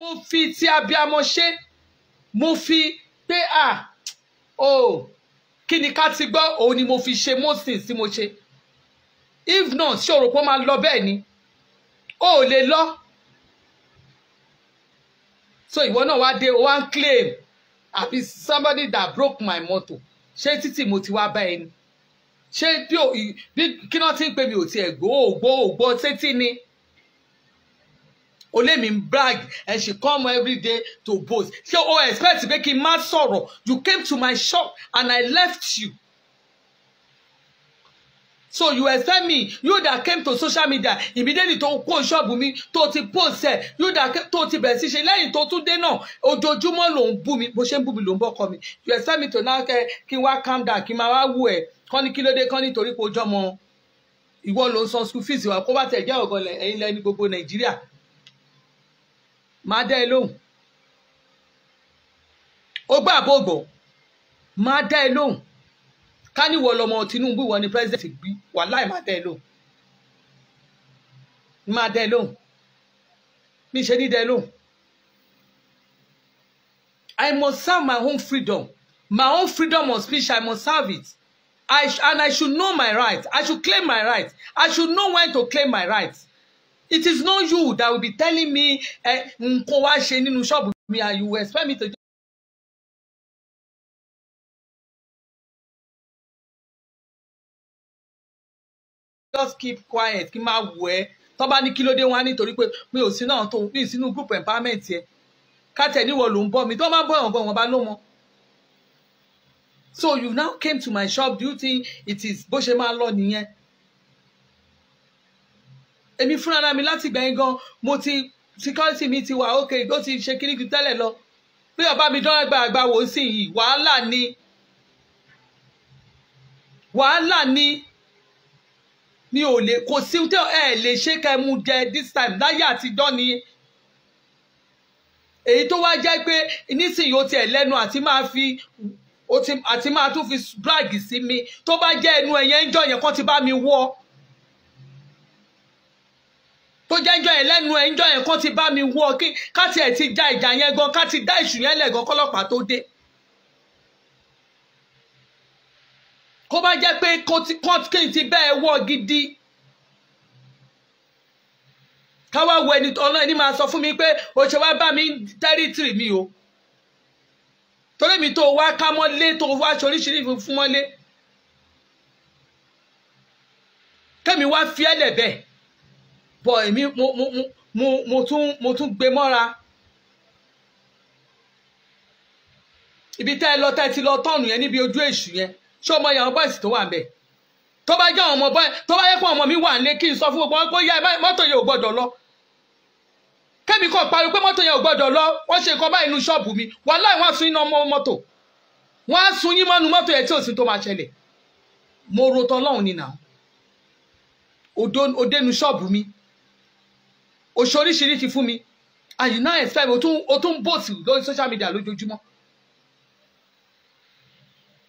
mo fi ti abiyamọ ṣe mo fi pé à o kí ni ká ti gbọ́ òun ni mo fi ṣe mosin tí mo ṣe if not ṣé o rò pé ó máa lọ bẹ́ẹ̀ ni o ò lè lọ so ìwọ náà wá dé one claim àbí somebody that broke my motor ṣé títí mo ti wá bá ẹni ṣé bí kí náà ti ń pè mí ò tiẹ̀ gbó ògbó ògbó sétí ni o lè mi brag and she come every day to boast ṣé o expect pé kí n má sọ̀rọ̀ you came to my shop and I left you so you expect me you that came to social media immediately tó kó ṣọ́ọ̀bù mi tó ti post ẹ̀ you that tó ti bẹ̀rẹ̀ sí ṣe lẹ́yìn tó tún dé náà ojoojúmọ́ ló ń bú mi bó ṣe ń bú mi ló ń bọ́kọ mi you expect me to now kẹ́ kí n wá calm down kí n máa wá wù ẹ̀ kán ní kí ló dé kán nítorí pé ojú ọmọ ìwọ ló ń san school fees wa kó bá tẹ̀ jẹ́ ọ̀gọ́lẹ̀ ẹ̀yin lẹ́ni gbogbo nàìjíríà máa dá ẹ lóhùn ó gbà bó gbọ́ máa dá ẹ lóhùn ká ní ìwọ lọmọ Tinubu ìwọ ni president gbí wàláì máa dá ẹ lóhùn máa dá ẹ lóhùn mi ṣe ní dá ẹ lóhùn I must serve my own freedom my own freedom of speech I must serve it I and I should know my rights I should claim my rights I should know when to claim my rights it is not you that will be telling me eh, nǹkan wá ṣe nínú ṣọ́ọ̀bù mi and you expect me to. just keep quiet kí n máa wù ẹ́ tó bá ní kí ló dé wọn nítorí pé mi ò sínú àwọn tó mi sínú group empowerment yẹn kátẹ níwọ ló ń bọ mi tó bá bọ ẹwọn gan wọn bá ló mọ. so you now came to my shop do you think it is bó ṣe máa lọ nìyẹn èmi fúnra mi láti gbẹ̀yìn gan mo ti security mi ti wà ókè ó ti ṣe kíní ju tẹ́lẹ̀ lọ pé ọba mi dán àgbà àgbà wò sí yìí wàhálà ni wàhálà ni mi ò lè kò sí tẹ ẹ lè ṣe ká ẹ mú jẹ this time láyé àtijọ́ ni èyí tó wá jẹ́ pé nísìnyí ó tiẹ̀ lẹ́nu àti máa fi àti máa tún fi brag sí mi tó bá jẹ́ ẹnu ẹ̀yẹ́ ń jọ yẹn ti bá mi wọ́ tó jẹ́jọ́ ẹ̀ lẹ́nu ẹ̀ ńjọ́ ẹ̀ kan ti bá mi wọ kí káti ẹ̀ ti ja ìjà yẹn gan káti dá ìṣù yẹn lẹ̀ gan kọ́lọ́pàá tó dé. kó bá jẹ́ pé kí ti bẹ́ẹ̀ wọ gidi káwá wo ẹni ọ̀nà ẹni máa sọ fún mi pé o ṣe wá bá mi tẹ́rítìrì mi o torí mi tó wá ká mọ́lé tó wá ṣoríṣiríṣi fún mọ́lé kẹ́mi wá fi ẹ́ lẹ̀ bẹ́ẹ̀ but èmi mo mo mo mo tún mo tún gbé mọ́ra ibi tẹ́ ẹ lọ tẹ́ ẹ ti lọ tọ́ọ̀nù yẹn níbi ojú èṣù yẹn ṣé ọmọ yàrá bọ́ọ̀sì tó wà ń bẹ̀ tó bá jẹ́ ọmọ bọ́ẹ̀ tó bá yẹ kó ọmọ mi wà ń lé kí n sọ fún gbogbo wọn kó yá mọ́tò yẹn ò gbọ́dọ̀ lọ kẹ́mi kan pariwo pé mọ́tò yẹn ò gbọ́dọ̀ lọ wọ́n ṣe nǹkan báyìí inú ṣọ́ọ̀bù mi wàláì wọ́n á sun iná ọmọ mọ́tò wọ́n á sun yín mọ́nu mọ́tò yẹn tí ò sí tó máa ṣẹlẹ̀ mo ro tọ́lọ́hún ni nà ó dénú ṣọ́ọ̀bù mi òṣò oríṣiríṣi fún mi and you now expect o tún o tún bòsì lórí social media lójoojúmọ́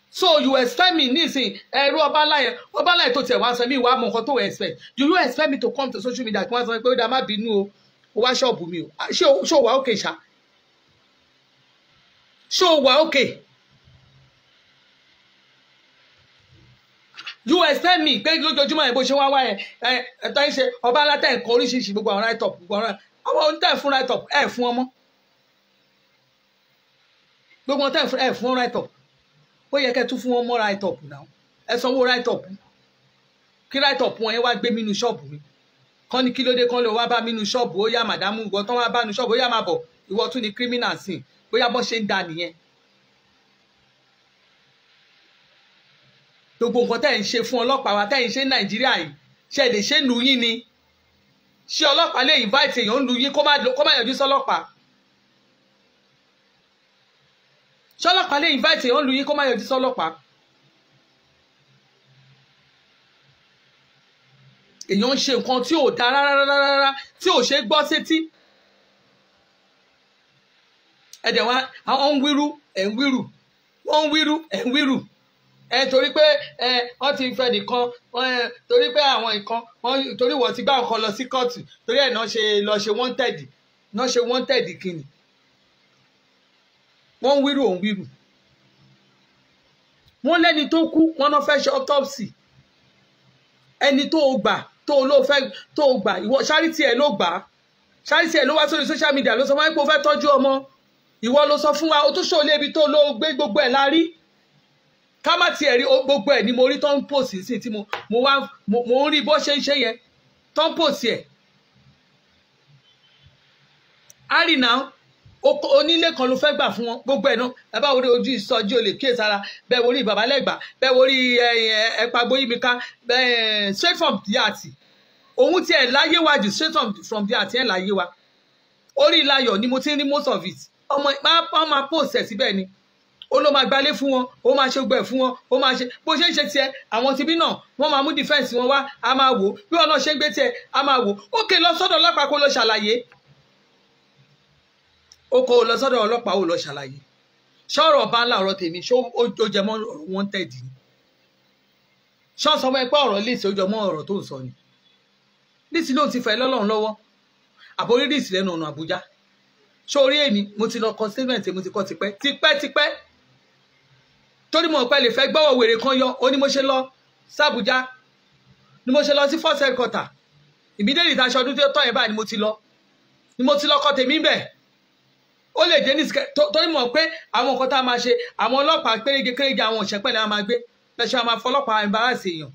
so you expect me nísìn ẹrú ọba láyẹ ọba láyẹ tó tiẹ̀ wá sọ mí ìwà mọ̀ nǹkan tó expect do you expect me to come to social media kí wọ́n sọ pé ó dá má bínú o ó wá ṣọ́ọ̀bù mi ah, o ṣé o wà okay ṣá ṣé o wà okay. you expect me pé lójoojúmọ́ yẹn bó ṣe wá wá yẹn ẹ̀tọ́ yín ṣe ọba alátẹ̀ nǹkan oríṣiríṣi gbogbo àwọn right up gbogbo àwọn ọmọ oníta ẹ̀fún right up ẹ̀ fún ọmọ gbogbo ọtá ẹ̀ fún right up ó yẹ kẹ́ tún fún ọmọ right up náà ẹ sanwó right up kí right up wọn yẹn wá gbé mi nu ṣọ́ọ̀bù mi kán ní kí ló dé kán lọ wá bá mi nu ṣọ́ọ̀bù ó yá màdámù ìwọ tán wá bá nu ṣọ́ọ̀bù ó yá má bọ̀ ìwọ tún ni criminal sin bóyá bọ́ ṣe ń da nìyẹn gbogbo nǹkan tẹ́ ẹ̀ ń ṣe fún ọlọ́pàá wa tẹ́ ẹ̀ ń ṣe ní nàìjíríà yìí ṣe lè ṣe nù yín ni ṣé ọlọ́pàá lè invite èèyàn nù yín kó má yọjú sọlọ́pàá ṣé ọlọ́pàá lè invite èèyàn nù yín kó má yọjú sọlọ́pàá èèyàn ń ṣe nǹkan tí ò dáa rárá rárá tí ò ṣe gbọ́ sétí ẹ̀dẹ̀ wa àwọn ń wíru ẹ̀ ń wíru wọ́n ń wíru ẹ̀ ń wíru ẹ torí pé ẹ wọ́n ti fẹ́ nìkan ẹ torí pé àwọn nǹkan wọ́n torí wọ́n ti gbá nǹkan lọ sí kóòtù torí ẹ̀ náà ṣe lọ ṣe wanted náà ṣe wanted kìnnì wọ́n ń wíru òun wíru wọ́n lẹ́ni tó kú wọ́n náà fẹ́ ṣe autopsy ẹni tó o gbà tó o ló fẹ́ tó o gbà ìwọ charity ẹ ló gbà charity ẹ ló wá sórí social media ló sọ fún wa pé o fẹ́ tọ́jú ọmọ ìwọ ló sọ fún wa o tó ṣòlè ibi tó o ló gbé gbogbo ẹ̀ la rí ká má tiẹ̀ rí gbogbo ẹ̀ ni mo rí tó ń pòsì sí tí mo wá mo ń rí bó ṣe ń ṣe yẹn tó ń pòsì ẹ̀. àrìnà onílé kan ló fẹ́ gbà fún wọn gbogbo ẹ̀ náà bàbá orí ojú ìsọjí olè kíyèsí ara bẹ́ẹ̀ wo rí bàbá lẹ́gbà bẹ́ẹ̀ wo rí ẹ̀pà gboyìnbíká straight from the heart òun tiẹ̀ láyé wa jù straight from the heart ẹ̀ láyé wa orí ilayọ̀ ni mo ti ń rí most of it ọmọ máa post ẹ̀ síbẹ̀ ni ó ló máa gbálé fún wọn ó máa ṣe gbẹ fún wọn ó máa ṣe bó ṣe ń ṣe tiẹ̀ àwọn tibí náà wọ́n máa mú defense wọn wá a máa wò bí wọn náà ṣe ń gbé tiẹ̀ a máa wò ókè lọ sọ́dọ̀ ọlọ́pàá kó lọ ṣàlàyé ó kó lọ sọ́dọ̀ ọlọ́pàá ó lọ ṣàlàyé ṣọ́ọ̀rọ̀ bá ńlá ọ̀rọ̀ tèmi ṣó ó jẹ mọ́ ọ̀rọ̀ wanted ni ṣọ́ọ̀sọ ọmọ ẹgbẹ́ ọ̀rọ̀ lè ṣe ó jọ mọ́ tó ń sọ ni lísì lóun ti fẹ́ lọ́lọ́run lọ́wọ́ àbórí lísì lẹ́nu ọ̀nà Àbújá ṣó orí èmi mo ti lọ kọ statement mo ti kọ tipẹ́ tipẹ́ tipẹ́ torí mo pẹ́ lè fẹ́ gbọ́wọ́ wèrè kan yọ ó ní mo ṣe lọ sàbújá ni mo ṣe lọ sí first headquarter ìmídẹ́rì ìtaṣọ ọdún tí ó tọ́ yẹn báyìí ni mo ti lọ ni mo ti lọ kọ́ tèmi bẹ̀ ó lè dé ní sikẹ́ torí mo pé àwọn nǹkan tá a máa ṣe àwọn ọlọ́pàá kéréje kéréje àwọn òṣèpẹ́ ni a máa gbé lẹ́sẹ̀ a máa fọlọ́pàá embarrassing èèyàn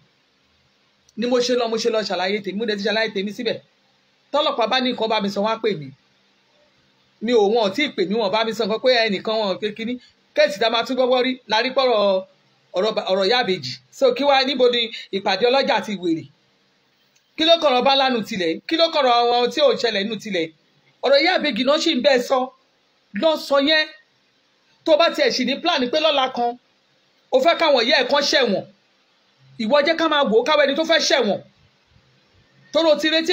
ni mo ṣe lọ mo ṣe lọ ṣàlàyé tèmi mo dẹ̀ ti ṣàlàyé tèmi síbẹ̀ tọ́lọ́pàá bá ní nǹkan bá mi sọ wá pè mí mi ò wọn ò tí ì pè mí wọn bá mi sọ nǹkan pé ẹnìkan wọn pé kẹ́sì tá a máa tún gbọ́gbọ́ rí narí pọ̀rọ̀ ọ̀rọ̀ yábèjì so kí wá níbo ni ìpàdé ọlọ́jà ti wèrè kí ló kọ̀rọ̀ bá lánàá tilẹ̀ kí ló kọ̀rọ̀ àwọn tí ò ṣẹlẹ̀ nù tilẹ̀ ọ̀rọ̀ yábèjì náà ṣì ń bẹ́ẹ̀ sọ lọ sọ yẹn tó bá tiẹ̀ sì ní plan pé lọ́la kan o fẹ́ káwọn ìyá ẹ̀ kan ṣẹ̀wọ̀n ìwọ jẹ́ ká máa wò ó káwọn ẹni tó fẹ́ ṣẹ̀wọ̀n tóró ẹni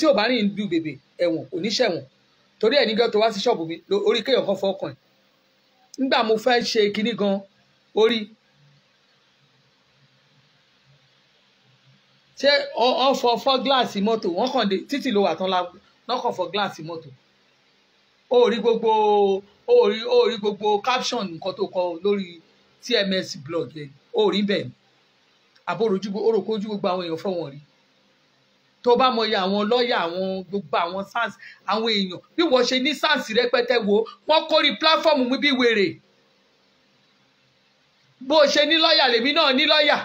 tí ò bá rìn ń du bèbè ẹ̀wọ̀n kò ní ṣẹ̀wọ̀n torí ẹ̀ nígbà tó wá sí ṣọ́ọ̀bù mi orí kéèyàn kan fọkàn ẹ̀ nígbà mo fẹ́ ṣe kinní gan orí ṣé wọ́n fọ gíláàsì mọ́tò wọ́n kàn dé títì ló wà tán la wọ́n kàn fọ gíláàsì mọ́tò ó rí gbogbo ó rí ó rí gbogbo caption nǹkan tó kọ lórí TMS blog yẹn ó rí bẹ́ẹ̀ àbórojú orókójú gbogbo àwọn èèyàn fọ́ rí tó bá mọyì àwọn lọ́ọ̀yà àwọn gbogbo àwọn SARS àwọn èèyàn bí wọ́n ṣe ní SARS rẹpẹtẹ wo wọ́n kórè platform mi bí wèrè bó ṣe ní lọ́ọ̀yà lèmi náà ní lọ́ọ̀yà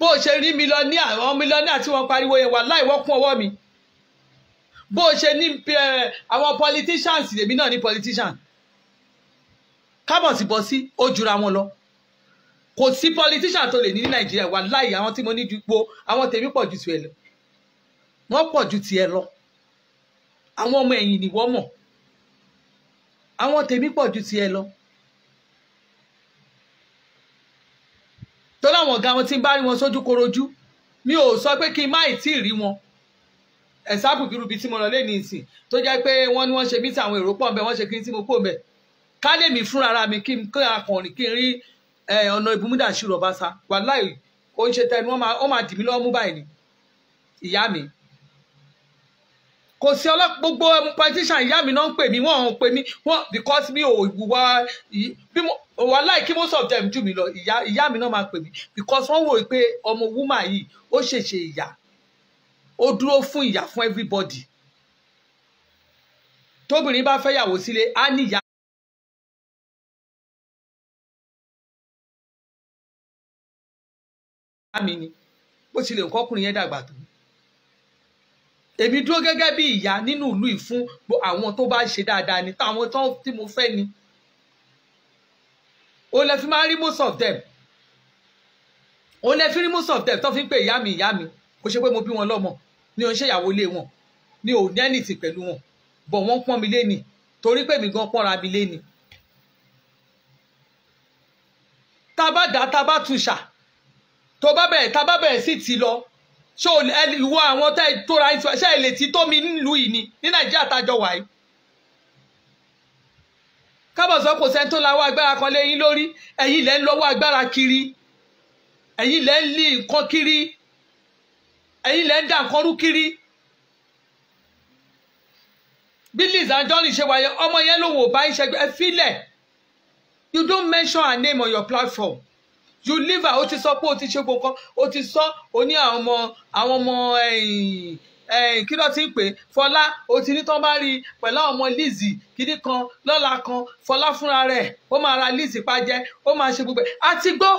bó ṣe rí mílíọ̀nì àwọn mílíọ̀nì àti wọn pariwo yẹn wà láì wọ́n kún ọwọ́ mi bó ṣe ní àwọn politicians lèmi náà ní politicians kábọ̀sibọ̀sí ó jura wọn lọ kò sí politician tó lè ní ní nàìjíríà wà láì àwọn tí mo ní dupò àwọn tèmi pọ̀ ju tiẹ̀ lọ wọ́n pọ̀ ju tiẹ̀ lọ àwọn ọmọ ẹ̀yìn ni wọ́n mọ̀ àwọn tèmi pọ̀ ju tiẹ̀ lọ. tó láwọn ọ̀gá wọn tí ń bá rí wọn sójú korojú mi ò sọ pé kí n má ì tí ì rí wọn ẹ̀sáàpù kìrùbí tí mo rán lẹ́ni ìsìn tó jẹ́ pé wọ́n ní wọ́n ṣe mítà àwọn èrò pọ̀ ń bẹ wọ́n ṣe kí n tí mo kó ń bẹ ká lè mí fúnra mi kí n kó akọrin kí n rí ọ̀nà ìbúmúdà ṣírò ọbaṣá wàláì kò ń ṣe tẹnu wọ́n máa dì mí lọ́wọ́ mú báyìí ni ìyá mi kò sí ọlọ́pàá gbogbo um, politician ìyá mi náà ń pè mí wọ́n ń pè mí wọ́n because mi ò wá bí mo wàláì kí most of them jù mí lọ ìyá ìyá mi náà máa pè mí because wọ́n wò pé ọmọ wúmà yìí ó ṣèṣe ìyá ó dúró fún ìyá fún everybody tóbìnrin bá fẹ́ yàwó sílé á níyà mi ni bó tilẹ̀ kọ́kùnrin yẹn dàgbà tó èmi dúró gẹ́gẹ́ bí ìyá nínú ìlú yìí fún àwọn tó bá ṣe dáadáa ni táwọn tí mo fẹ́ ni o lè fi máa rí most of them o lè fi rí most of them tó fi ń pè ìyá mi ìyá mi kò ṣe pé mo bí wọn lọ́mọ ni òun ṣèyàwó ilé wọn ni ò ẹnìtì pẹ̀lú wọn bọ̀ wọ́n pọ́n mi lé ni torí pé mi gan pọ́nra mi lé ni tá a bá dá tá a bá tún ṣà tó bá bẹ̀rẹ̀ tá bá bẹ̀rẹ̀ sí ti lọ ṣé ìwọ àwọn tẹ́ tóra ṣe lè ti tó mi nílùú yìí ni ní nàìjíríà tájọ wà yìí kò sẹ́ni tó lawọ́ agbára kan léyìn lórí ẹ̀yin lẹ́ ń lọ́wọ́ agbára kiri ẹ̀yin lẹ́ ń lé nǹkan kiri ẹ̀yin lẹ́ ń dà nǹkan rú kiri bí Liz Anjorin ṣe wáyé ọmọ yẹn lòun ò bá ń ẹ fílẹ̀ you don't mention her name on your platform you leave her ó ti sọ pé ó ti ṣe gbogbo kan ó ti sọ ó ní àwọn ọmọ àwọn ọmọ kí ló ti ń pè fọlá ó ti ní tán bá rí i pẹ̀lú àwọn ọmọ Lizzy kìíní kan lọ́la kan fọlá fúnra rẹ̀ ó máa ra Lizzy pa jẹ ó máa ṣe gbogbo ẹ̀ àti gbọ́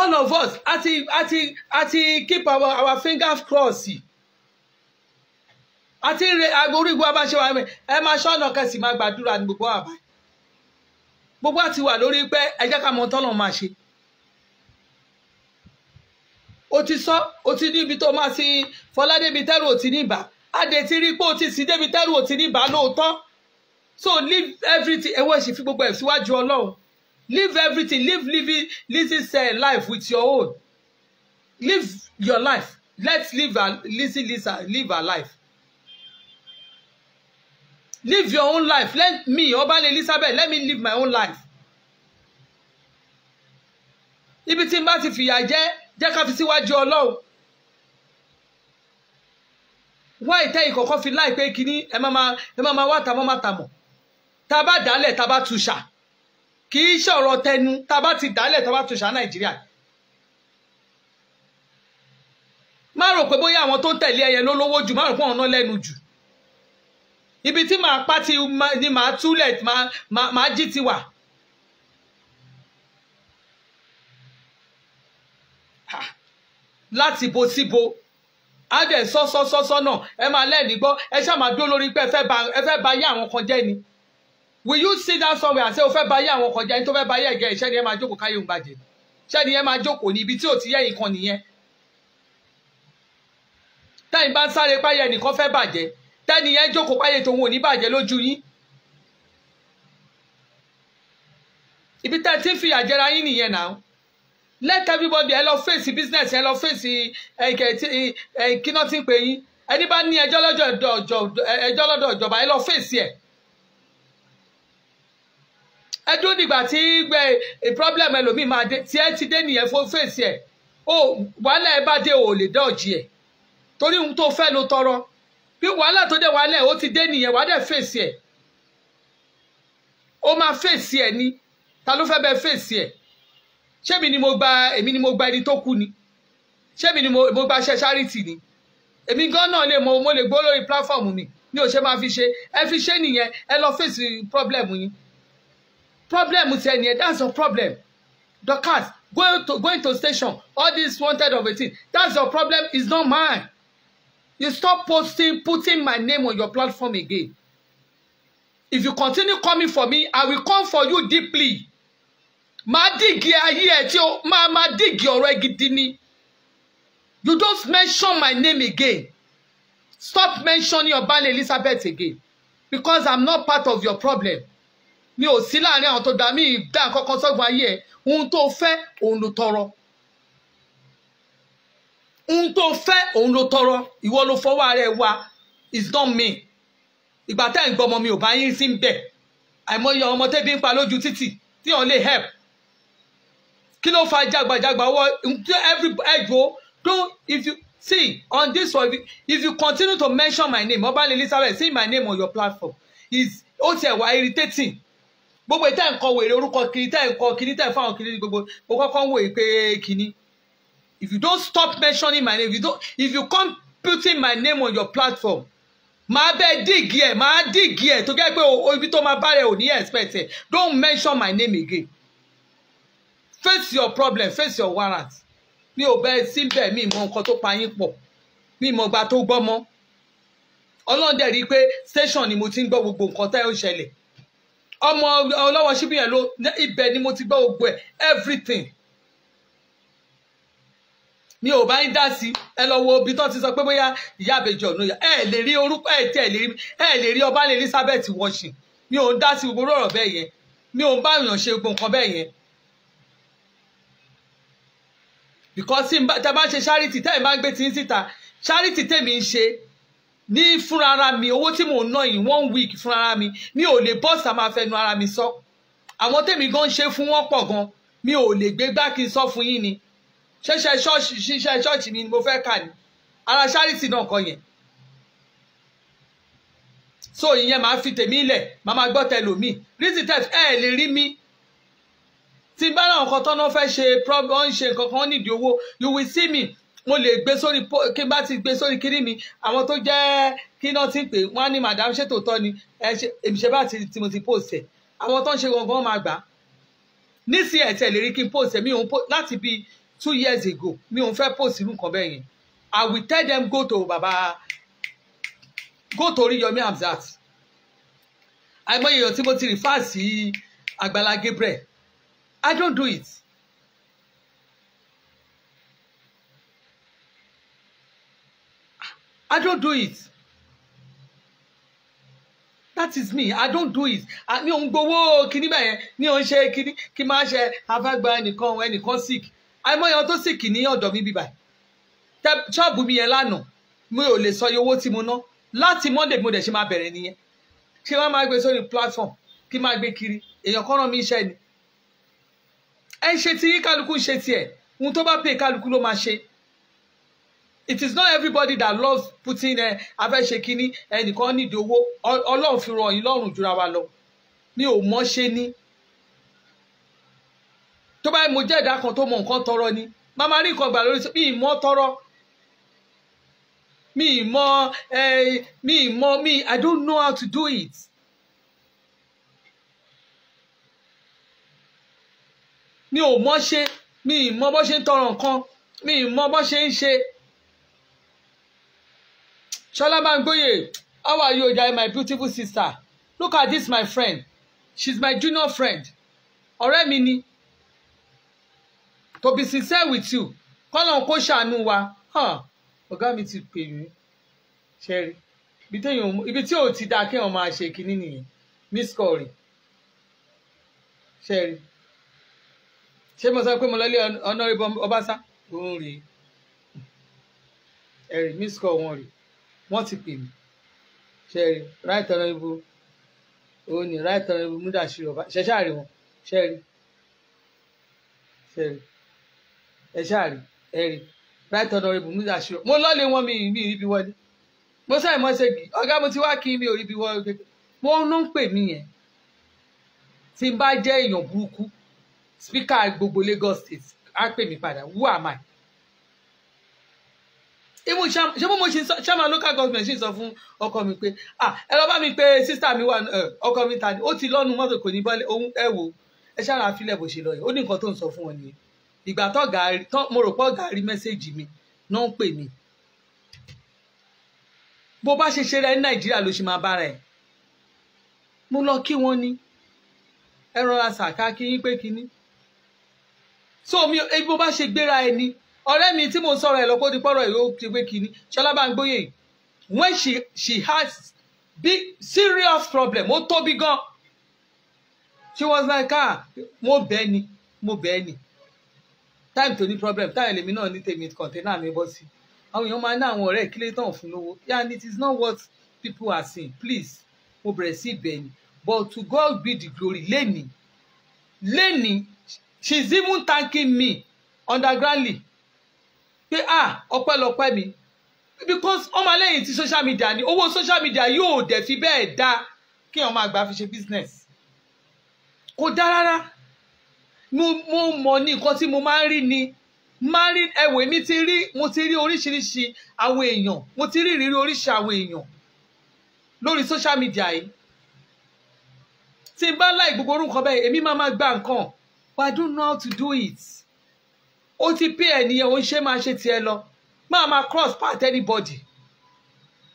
all of us àti àti àti keep our our fingers crossed àti re agbórígbó abáṣe wa ẹ máa ṣọ́nà kẹsì máa gbàdúrà ní gbogbo àbáyé gbogbo àti wà lórí pé ẹ jẹ́ ká mọ tọ́lọ̀ máa ṣe o ti sọ o ti níbi tó máa sin fọládébi tẹ́rù ò ti níbà adé ti rí pé o ti sin débi tẹ́rù ò ti níbà lóòótọ́ so leave everything ẹwọ́ ẹ̀sìn fi gbogbo ẹ̀ síwájú ọlọ́run leave everything live living Lizzy say life with your own live your life let's live our Lizzy live our life live your own life let me Ọbalẹ̀ Elizabeth let me live my own life ibi tí n bá ti fìyà jẹ jẹ́ ká fi síwájú Ọlọ́run wá ìtẹ́ ìkọ̀kọ́ fi láìpẹ́ kínní ẹ má má ẹ má má wá tàmọ́ má tàmọ́ tá a bá dálẹ̀ tá a bá tuṣà kì í ṣọ̀rọ̀ tẹnu tá a bá ti dálẹ̀ tá a bá tuṣà Nàìjíríà má rò pé bóyá àwọn tó ń tẹ̀lé ẹyẹ ló jù má rò pé àwọn náà lẹ́nu jù ibi tí màá pa ti ni màá túlẹ̀ màá jí ti wà. láti bo síbo á dẹ̀ sọ́sọ́sọ́sọ́ náà ẹ máa lẹ́ẹ̀ni gbọ́ ẹ ṣáà máa dúró lórí pé ẹ fẹ́ ba ayé àwọn kan jẹ́ ni will you sit down somewhere and say o fẹ́ ba ayé àwọn kan jẹ́ ni tó fẹ́ ba ayé ẹ̀gẹ́ ìṣẹ́ ni ẹ máa jókòó káyé òun bàjẹ́ ṣẹ́ ni ẹ máa jókòó ní ibi tí ò ti yẹ nǹkan nìyẹn táyìn bá ń sáré páyẹ nìkan fẹ́ bàjẹ́ tẹ́niyẹn jókòó páyé tòun ò ní bàjẹ́ lójú yín ibi tẹ́ ti ń fi àjẹra yín nìyẹn náà let everybody ẹ lọ fèsì business ẹ lọ fèsì kíná tí ń pè yín ẹni bá ní ẹjọ́ lọ́dọ̀ ìjọba ẹ lọ fèsì ẹ̀ ẹ dún nígbà tí gbẹ problem ẹlòmíì máa dé tí ẹ ti dé nìyẹn fún fèsì ẹ̀ o wàhálà ẹ bá dé o ò lè dọ́ọ̀jì ẹ̀ torí ohun tó fẹ́ ló tọrọ bí wàhálà tó dé wàhálà ó ti dé nìyẹn wàá dẹ̀ fèsì ẹ̀ ó máa fèsì ẹ̀ ni ta ló fẹ́ bẹ fèsì ẹ̀ ṣé èmi ni mo gba èmi ni mo gba ẹni tó kú ni ṣé èmi ni mo gba ṣe charity ni èmi gan náà lè mo mo lè gbó lórí platform mi ni ò ṣe máa fi ṣe ẹ fi ṣe nìyẹn ẹ lọ fèsì problem yín problem ti ẹ nìyẹn that's your problem Dorkas going to going to station all this wanted of a thing that's your problem is not mine You stop posting, putting my name on your platform again. If you continue coming for me, I will come for you deeply. Máa dìgì ayé ẹ̀ tí ó máa You don't mention my name again. Stop mentioning your ban Elizabeth again because I'm not part of your problem. Mi ò sí láàrin àwọn tó dá mi dá kankan sọ́gbọ́n ayé ẹ̀ ohun tó fẹ́ òun ló tọrọ ohun tó fẹ́ òun ló tọrọ ìwọ ló fọwọ́ ara ẹ wa it's not me ìgbà tẹ́ ń gbọ́ ọmọ mi ò bá yín sí ń bẹ̀ àìmọye ọmọ tẹ́bí ń pa lójú títì tí wọ́n lè help kí ló fa jàgbàjàgbà wọ every ẹjọ́ don't if you see on this one if you continue to mention my name Mobile Elizabeth see my name on your platform is ó tiẹ̀ wá irritating gbogbo ìtẹ́ ǹkan wèrè orúkọ kiri tẹ́ ǹkan kiri tẹ́ fáwọn kiri gbogbo mo kọ́kọ́ ń wòye pé kìíní if you don't stop mentioning my name if you don't if you come putting my name on your platform máa bẹ dig yẹ máa dig yẹ tó jẹ́ pé ibi tó máa bá rẹ ò expect ẹ don't mention my name again face your problem face your warrant mi ò bẹ síbẹ̀ mi mọ nǹkan tó pa yín pọ̀ mi mọ gba tó gbọ́ mọ́ ọlọ́run dẹ̀ rí i station ni mo ti ń gbọ́ gbogbo nǹkan tẹ́ ò ṣẹlẹ̀ ọmọ ọlọ́wọ́ ṣíbí yẹn ló ni mo ti gbọ́ gbogbo ẹ̀ everything mi ò bá yín dá sí ẹ lọ wo ibi tó ti sọ pé bóyá ìyá àbèjì ọ̀nà ìyá ẹ lè rí orúkọ ẹ tí ẹ lè rí ẹ lè rí ọba lè Elizabeth washing mi ò ń dá sí gbogbo ọ̀rọ̀ bẹ́ẹ̀ yẹn mi ò ń bá èèyàn ṣe gbogbo nǹkan bẹ́ẹ̀ yẹn because tí a bá ń ṣe charity tẹ́ ẹ̀ máa ń gbé tí ń síta charity tèmi ń ṣe ní fúnra ara mi owó tí mò ń ná yìí one week fúnra ara mi mi ò lè bọ́ọ̀sì àmà fẹnu ara mi sọ àwọn tèmi gan ṣe fún wọn pọ̀ gan mi ò lè gbé gbá kí n sọ fún yín ni ṣẹṣẹ ṣọọṣì ṣiṣẹ ṣọọṣì mi ni mo fẹ́ kà ní ara ṣáàrìtì náà kọ yẹn so ìyẹn máa fi tèmi lẹ̀ máa máa gbọ́ tẹlòmíì reason test ẹ lè rí mi tí n bá ra nǹkan tán náà fẹ́ ṣe problem ṣe nǹkan kan nídìí owó you will see me mo lè gbé sórí kí n bá ti gbé sórí kiri mi àwọn tó jẹ́ kí náà ti pè wọ́n á ní madam ṣètò tọ́ ni èmi ṣe bá ti tí mo ti post ẹ̀ àwọn tó ń ṣe gangan máa gbà nísìnyí ẹ̀ tẹ̀ lè rí kí n post ẹ̀ mi òun láti bíi two years ago mi ò fẹ́ post irú nǹkan bẹ́ẹ̀ yẹn i will tell them go to baba go to Oriyomi Hamzat àìmọye èèyàn tí mo ti refer sí Àgbàlá Gabriel i don't do it. I don't do it. That is me. I don't do it. Ah, mi ò ń gbowó kíní bẹ́ẹ̀ ni ò ń ṣe kíní kí máa ṣe afágbá ẹnìkan ẹnìkan sick àìmọyàn tó sì kì ní ọ̀dọ̀ mi bíbá ṣọ́ọ̀bù mi yẹn lánàá mi ò lè sọ iye owó tí mo ná láti monday mo dẹ̀ ṣe máa bẹ̀rẹ̀ nìyẹn kí wọ́n máa gbé sórí platform kí máa gbé kiri èèyàn kan rán mi iṣẹ́ ni ẹ ṣe ti yín kálukú ṣe tiẹ̀ ohun tó bá pè kálukú ló máa ṣe it is not everybody that loves Putin ẹ eh, afẹ́ṣe kínní ẹnìkan nídìí owó ọlọ́run fi rọ̀ yín lọ́rùn jura wa lọ mi ò mọ̀ ṣe ni tó bá mo jẹ́ ẹ̀dá kan tó mọ nǹkan tọrọ ni má má rí nǹkan gbà lórí mi ì mọ tọrọ mi ì mọ mi ì mọ mi I don't know how to do it. mi ò mọ ṣe mi ì mọ bó ṣe ń tọrọ nǹkan mi ì mọ bó ṣe ń ṣe. Shola Bangoye, how are you, Jai, my beautiful sister? Look at this, my friend. She's my junior friend. Ọ̀rẹ́ mi ni to be sincere with you kọ́nà kó ṣàánú wa ọ̀gá mi ti pè mí ṣẹ́rí ibi tí ò ti dáa kéèyàn máa ṣe kínní nìyẹn miss kọ́ọ̀rì ṣẹ́rí ṣé mo sọ pé mo lọ́lé ọ̀nàrẹ́bọ̀ ọbaṣá òun rèé ẹ̀rì miss kọ́ọ̀ wọn rèé wọ́n ti pè mí ṣẹ́rí right ọ̀nàrẹ́bọ̀ òun ni right ọ̀nàrẹ́bọ̀ múdàṣírò ọba ṣẹ̀ṣẹ̀ àrè wọn ṣẹ́rí ṣẹ́rí ẹ ṣáàrí ẹ rí right honourable musa ṣe mo lọ́ọ̀lẹ̀ wọn mi mi rí bí wọlé mo sáì mọ́ ṣe gì mo ti wá kí mi ò rí bí wọlé wọn ló ń pè mí yẹn tí n bá jẹ́ èèyàn burúkú spíkà gbogbo Lagos State á pè mí padà wú àmà imu ṣe mo ṣe ṣama local government ṣe sọ fún ọkọ mi pé ah ẹ lọ bá mi pé sísá mi wà ọkọ mi ta ni ó ti lọ́nu mọ́tò kò ní bọ́lẹ̀ ẹ wò ẹ ṣáà bó ṣe lọ yìí ó ní nǹkan tó ń sọ fún wọn nìyẹn ìgbà tó gàrí tó mo rò pọ̀ gàrí mẹ́sẹ̀gì mi náà ń pè mí bó bá ṣe ṣe rẹ ní nàìjíríà ló ṣe máa bára ẹ mo lọ kí wọn ni ẹ rọra ṣàká kí yín pé kínní so mi ebi bó bá ṣe gbéra ẹ ni ọ̀rẹ́ mi tí mo sọ̀rọ̀ ẹ lọkọ dípọrọ ìwé ti pé kínní ṣọlá Bámgbóyè when she she has big serious problem ó tóbi gan she was like ah mo bẹ ni mo bẹ ni time tó ní problem time lèmi náà ní tèmi container mi bọ́ sí àwọn èèyàn máa ń ná àwọn ọ̀rẹ́ ìkílé tán fún lówó and it is not what people are saying please mo bẹ̀rẹ̀ sí ibẹ̀ but to God be the glory lẹ́ni lẹ́ni she is even thanking me undergroundly pé ah ọpẹ́lọpẹ́ mi because ọmọlẹ́yìn ti social media ni owó social media yóò dẹ̀ fi bẹ́ẹ̀ dá kí wọ́n máa gbà fi ṣe business kò dá rárá mo mo mọ̀ ní nǹkan tí mo máa ń rí ni máa rí ẹ̀wẹ̀ mi ti rí mo ti rí oríṣiríṣi àwọn èèyàn mo ti rí ìrírí oríṣi àwọn èèyàn lórí social media yìí tí n bá láì gbogbo orúkọ bẹ́ẹ̀ èmi máa máa gba nǹkan but I don't know how to do it ó ti pé ẹnìyẹn òun ṣe máa ṣe tiẹ̀ lọ máa máa cross path anybody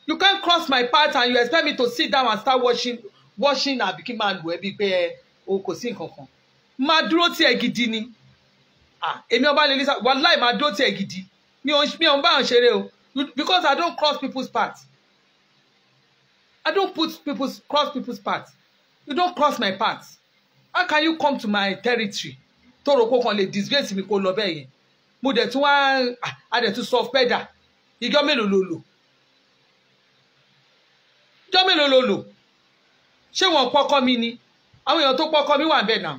you can't cross my path and you expect me to sit down and start watching watching àbí kí n máa lù ẹ́ bíi pé ẹ o kò sí nǹkan kan máa dúró tì ẹ́ gidi ni ah, èmi ọba lè lisa wàláì máa dúró tì ẹ́ gidi mi ò mi ò ń bá àwọn ṣeré o because I don't cross people's path I don't put people's cross people's path you don't cross my path how can you come to my territory tó rò kó kan lè disgrace mi kó lọ bẹ́ẹ̀ yẹn mo dẹ̀ tún wá adẹ̀ ah, tún sọ pẹ́dà ìjọ mélòó ló lò ìjọ mélòó ló lò ṣé wọn pọkọ mi ni àwọn èèyàn tó pọkọ mi wà bẹ́ẹ̀ náà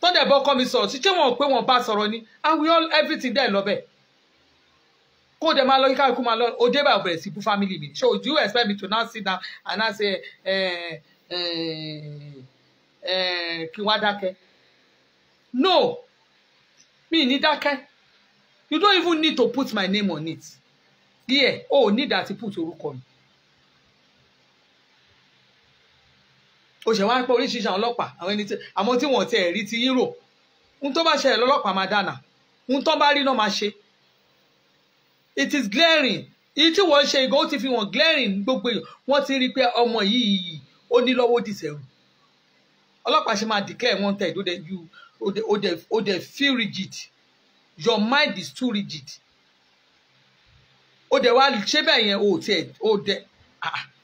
tó ń dẹ̀ bọ́ ọkọ mi sọ̀rọ̀ sí ṣé wọn ò pé wọn bá sọ̀rọ̀ ni and we all everything dẹ̀ lọ bẹ́ẹ̀ kó o dẹ̀ máa lọ kíkà kó máa lọ o dé báyìí bẹ̀rẹ̀ sí bú family mi so do you expect me to now sit down and now say eh, eh, eh, kí wá dákẹ́ no mi ní dákẹ́ you don't even need to put my name on it yeah o oh, need àti put orúkọ mi ó ṣe wá ń oríṣiríṣi àwọn ọlọ́pàá àwọn ẹni tí àwọn tí wọ́n ti ẹ̀rí ti yúrò ń tó bá ṣẹlẹ̀ lọ́lọ́pàá máa dànà ń tó bá rí náà máa ṣe it is glaring èyí tí wọ́n ṣe ìgò ó ti fi wọ́n glaring gbogbo èèyàn wọ́n ti rí i pé ọmọ yìí ó ní lọ́wọ́ di sẹ́rù ọlọ́pàá ṣe máa declare wanted ó dẹ̀ you ó dẹ̀ ó dẹ̀ feel rigid your mind is too rigid ó dẹ̀ wá ṣé bẹ́ẹ̀ yẹn ó tiẹ̀ ó dẹ̀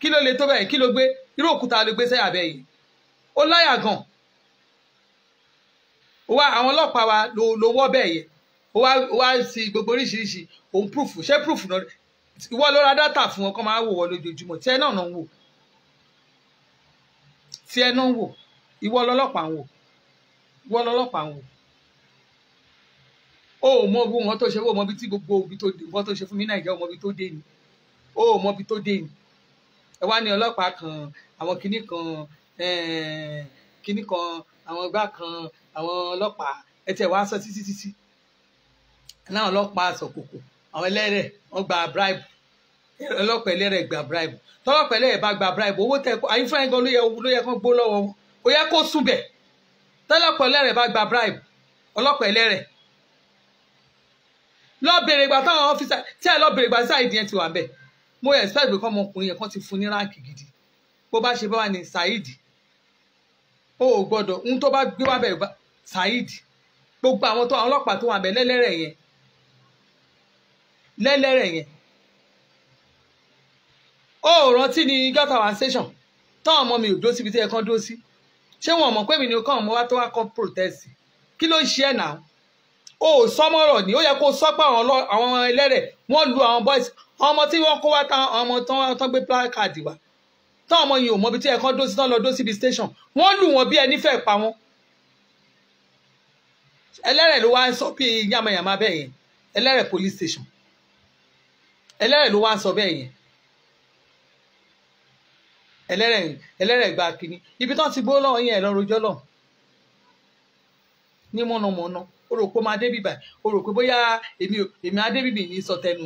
kí ló le tó bẹ́ẹ̀ kí ló gbé irú òkúta ló gbé sẹ́yà bẹ́ẹ̀ yẹn ó láyà gan ó wá àwọn ọlọ́pàá wa ló ló wọ́ bẹ́ẹ̀ yẹ ó wá ó wá gbogbo oríṣiríṣi òun proof ṣé proof náà ìwọ ló ra dátà fún wọn kó máa wò wọ́n lójoojúmọ́ tí ẹ náà náà ń wò tí ẹ náà ń wò ìwọ lọ́lọ́pàá ń wò ìwọ lọ́lọ́pàá ń wò o ò mọ owó wọn tó ṣe o mọ ibi tí gbogbo ibi tó dé wọn tó ṣe fún mi nàìjíríà o mọ ibi tó dé ni o ò mọ ibi tó dé ni ẹ wá ní ọlọ́pàá kan àwọn kinní kan Eh, kíní kan àwọn gbá kan àwọn ọlọ́pàá ẹ tiẹ̀ wá sọ títí títí náà ọlọ́pàá sọ̀kòkò àwọn ẹlẹ́rẹ̀ wọ́n gba bribe ọlọ́pàá ẹlẹ́rẹ̀ gba bribe tọ́lọ́pàá ẹlẹ́rẹ̀ bá gba bribe owó tẹ̀ àyín fún ẹ̀gán ló yẹ kó gbó lọ́wọ́ o yẹ kó sùn bẹ̀ tọ́lọ́pàá ẹlẹ́rẹ̀ bá gba bribe ọlọ́pàá ẹlẹ́rẹ̀ lọ bèrè ìgbà táwọn ọ́fíìsà tí ẹ lọ bèrè ìgbà sáà ìdíyẹn ti wà bẹ́ẹ̀ mo expect pé kọ́ ọmọkùnrin yẹn kan ti fún ní ráǹkì gidi bó bá ṣe bá wà ní Saheed o ò gbọ́dọ̀ ohun tó bá gbé wá bẹ̀ Saheed gbogbo àwọn tó àwọn ọlọ́pàá tó wà bẹ̀ lẹ́lẹ́rẹ̀ yẹn lẹ́lẹ́rẹ̀ yẹn ó rántí ní gátàwá station tán ọmọ mi ò dó síbi tí ẹ kán dó sí ṣé wọn mọ̀ pé mi ni kán ọmọ wa tó wá kọ protest kí ló ń ṣe ẹ náà ó sọmọrọ ni ó yẹ kó sọpọ àwọn ẹlẹ́rẹ̀ wọ́n lu àwọn boys ọmọ tí wọ́n kó wá tán ọmọ tán gbé placard wa táwọn ọmọ yìí ò mọbi tí ẹ̀kọ́ dó sí tán lọ dó síbi station wọ́n lù wọ́n bí ẹni fẹ́ẹ́ pa wọ́n ẹlẹ́rẹ̀ ló wá ń sọ bí yàmàyàmà bẹ́ẹ̀ yẹn ẹlẹ́rẹ̀ police station ẹlẹ́rẹ̀ ló wá ń sọ bẹ́ẹ̀ yẹn ẹlẹ́rẹ̀ ẹlẹ́rẹ̀ gba kínní ibi tán ti gbó lọ́wọ́ yẹn ẹ̀rọ rojọ́ lọ ní mọ̀nàmọ́ná o rò pé ó máa dé bíbà o rò pé bóyá èmi èmi á dé bíbì ní sọtẹnu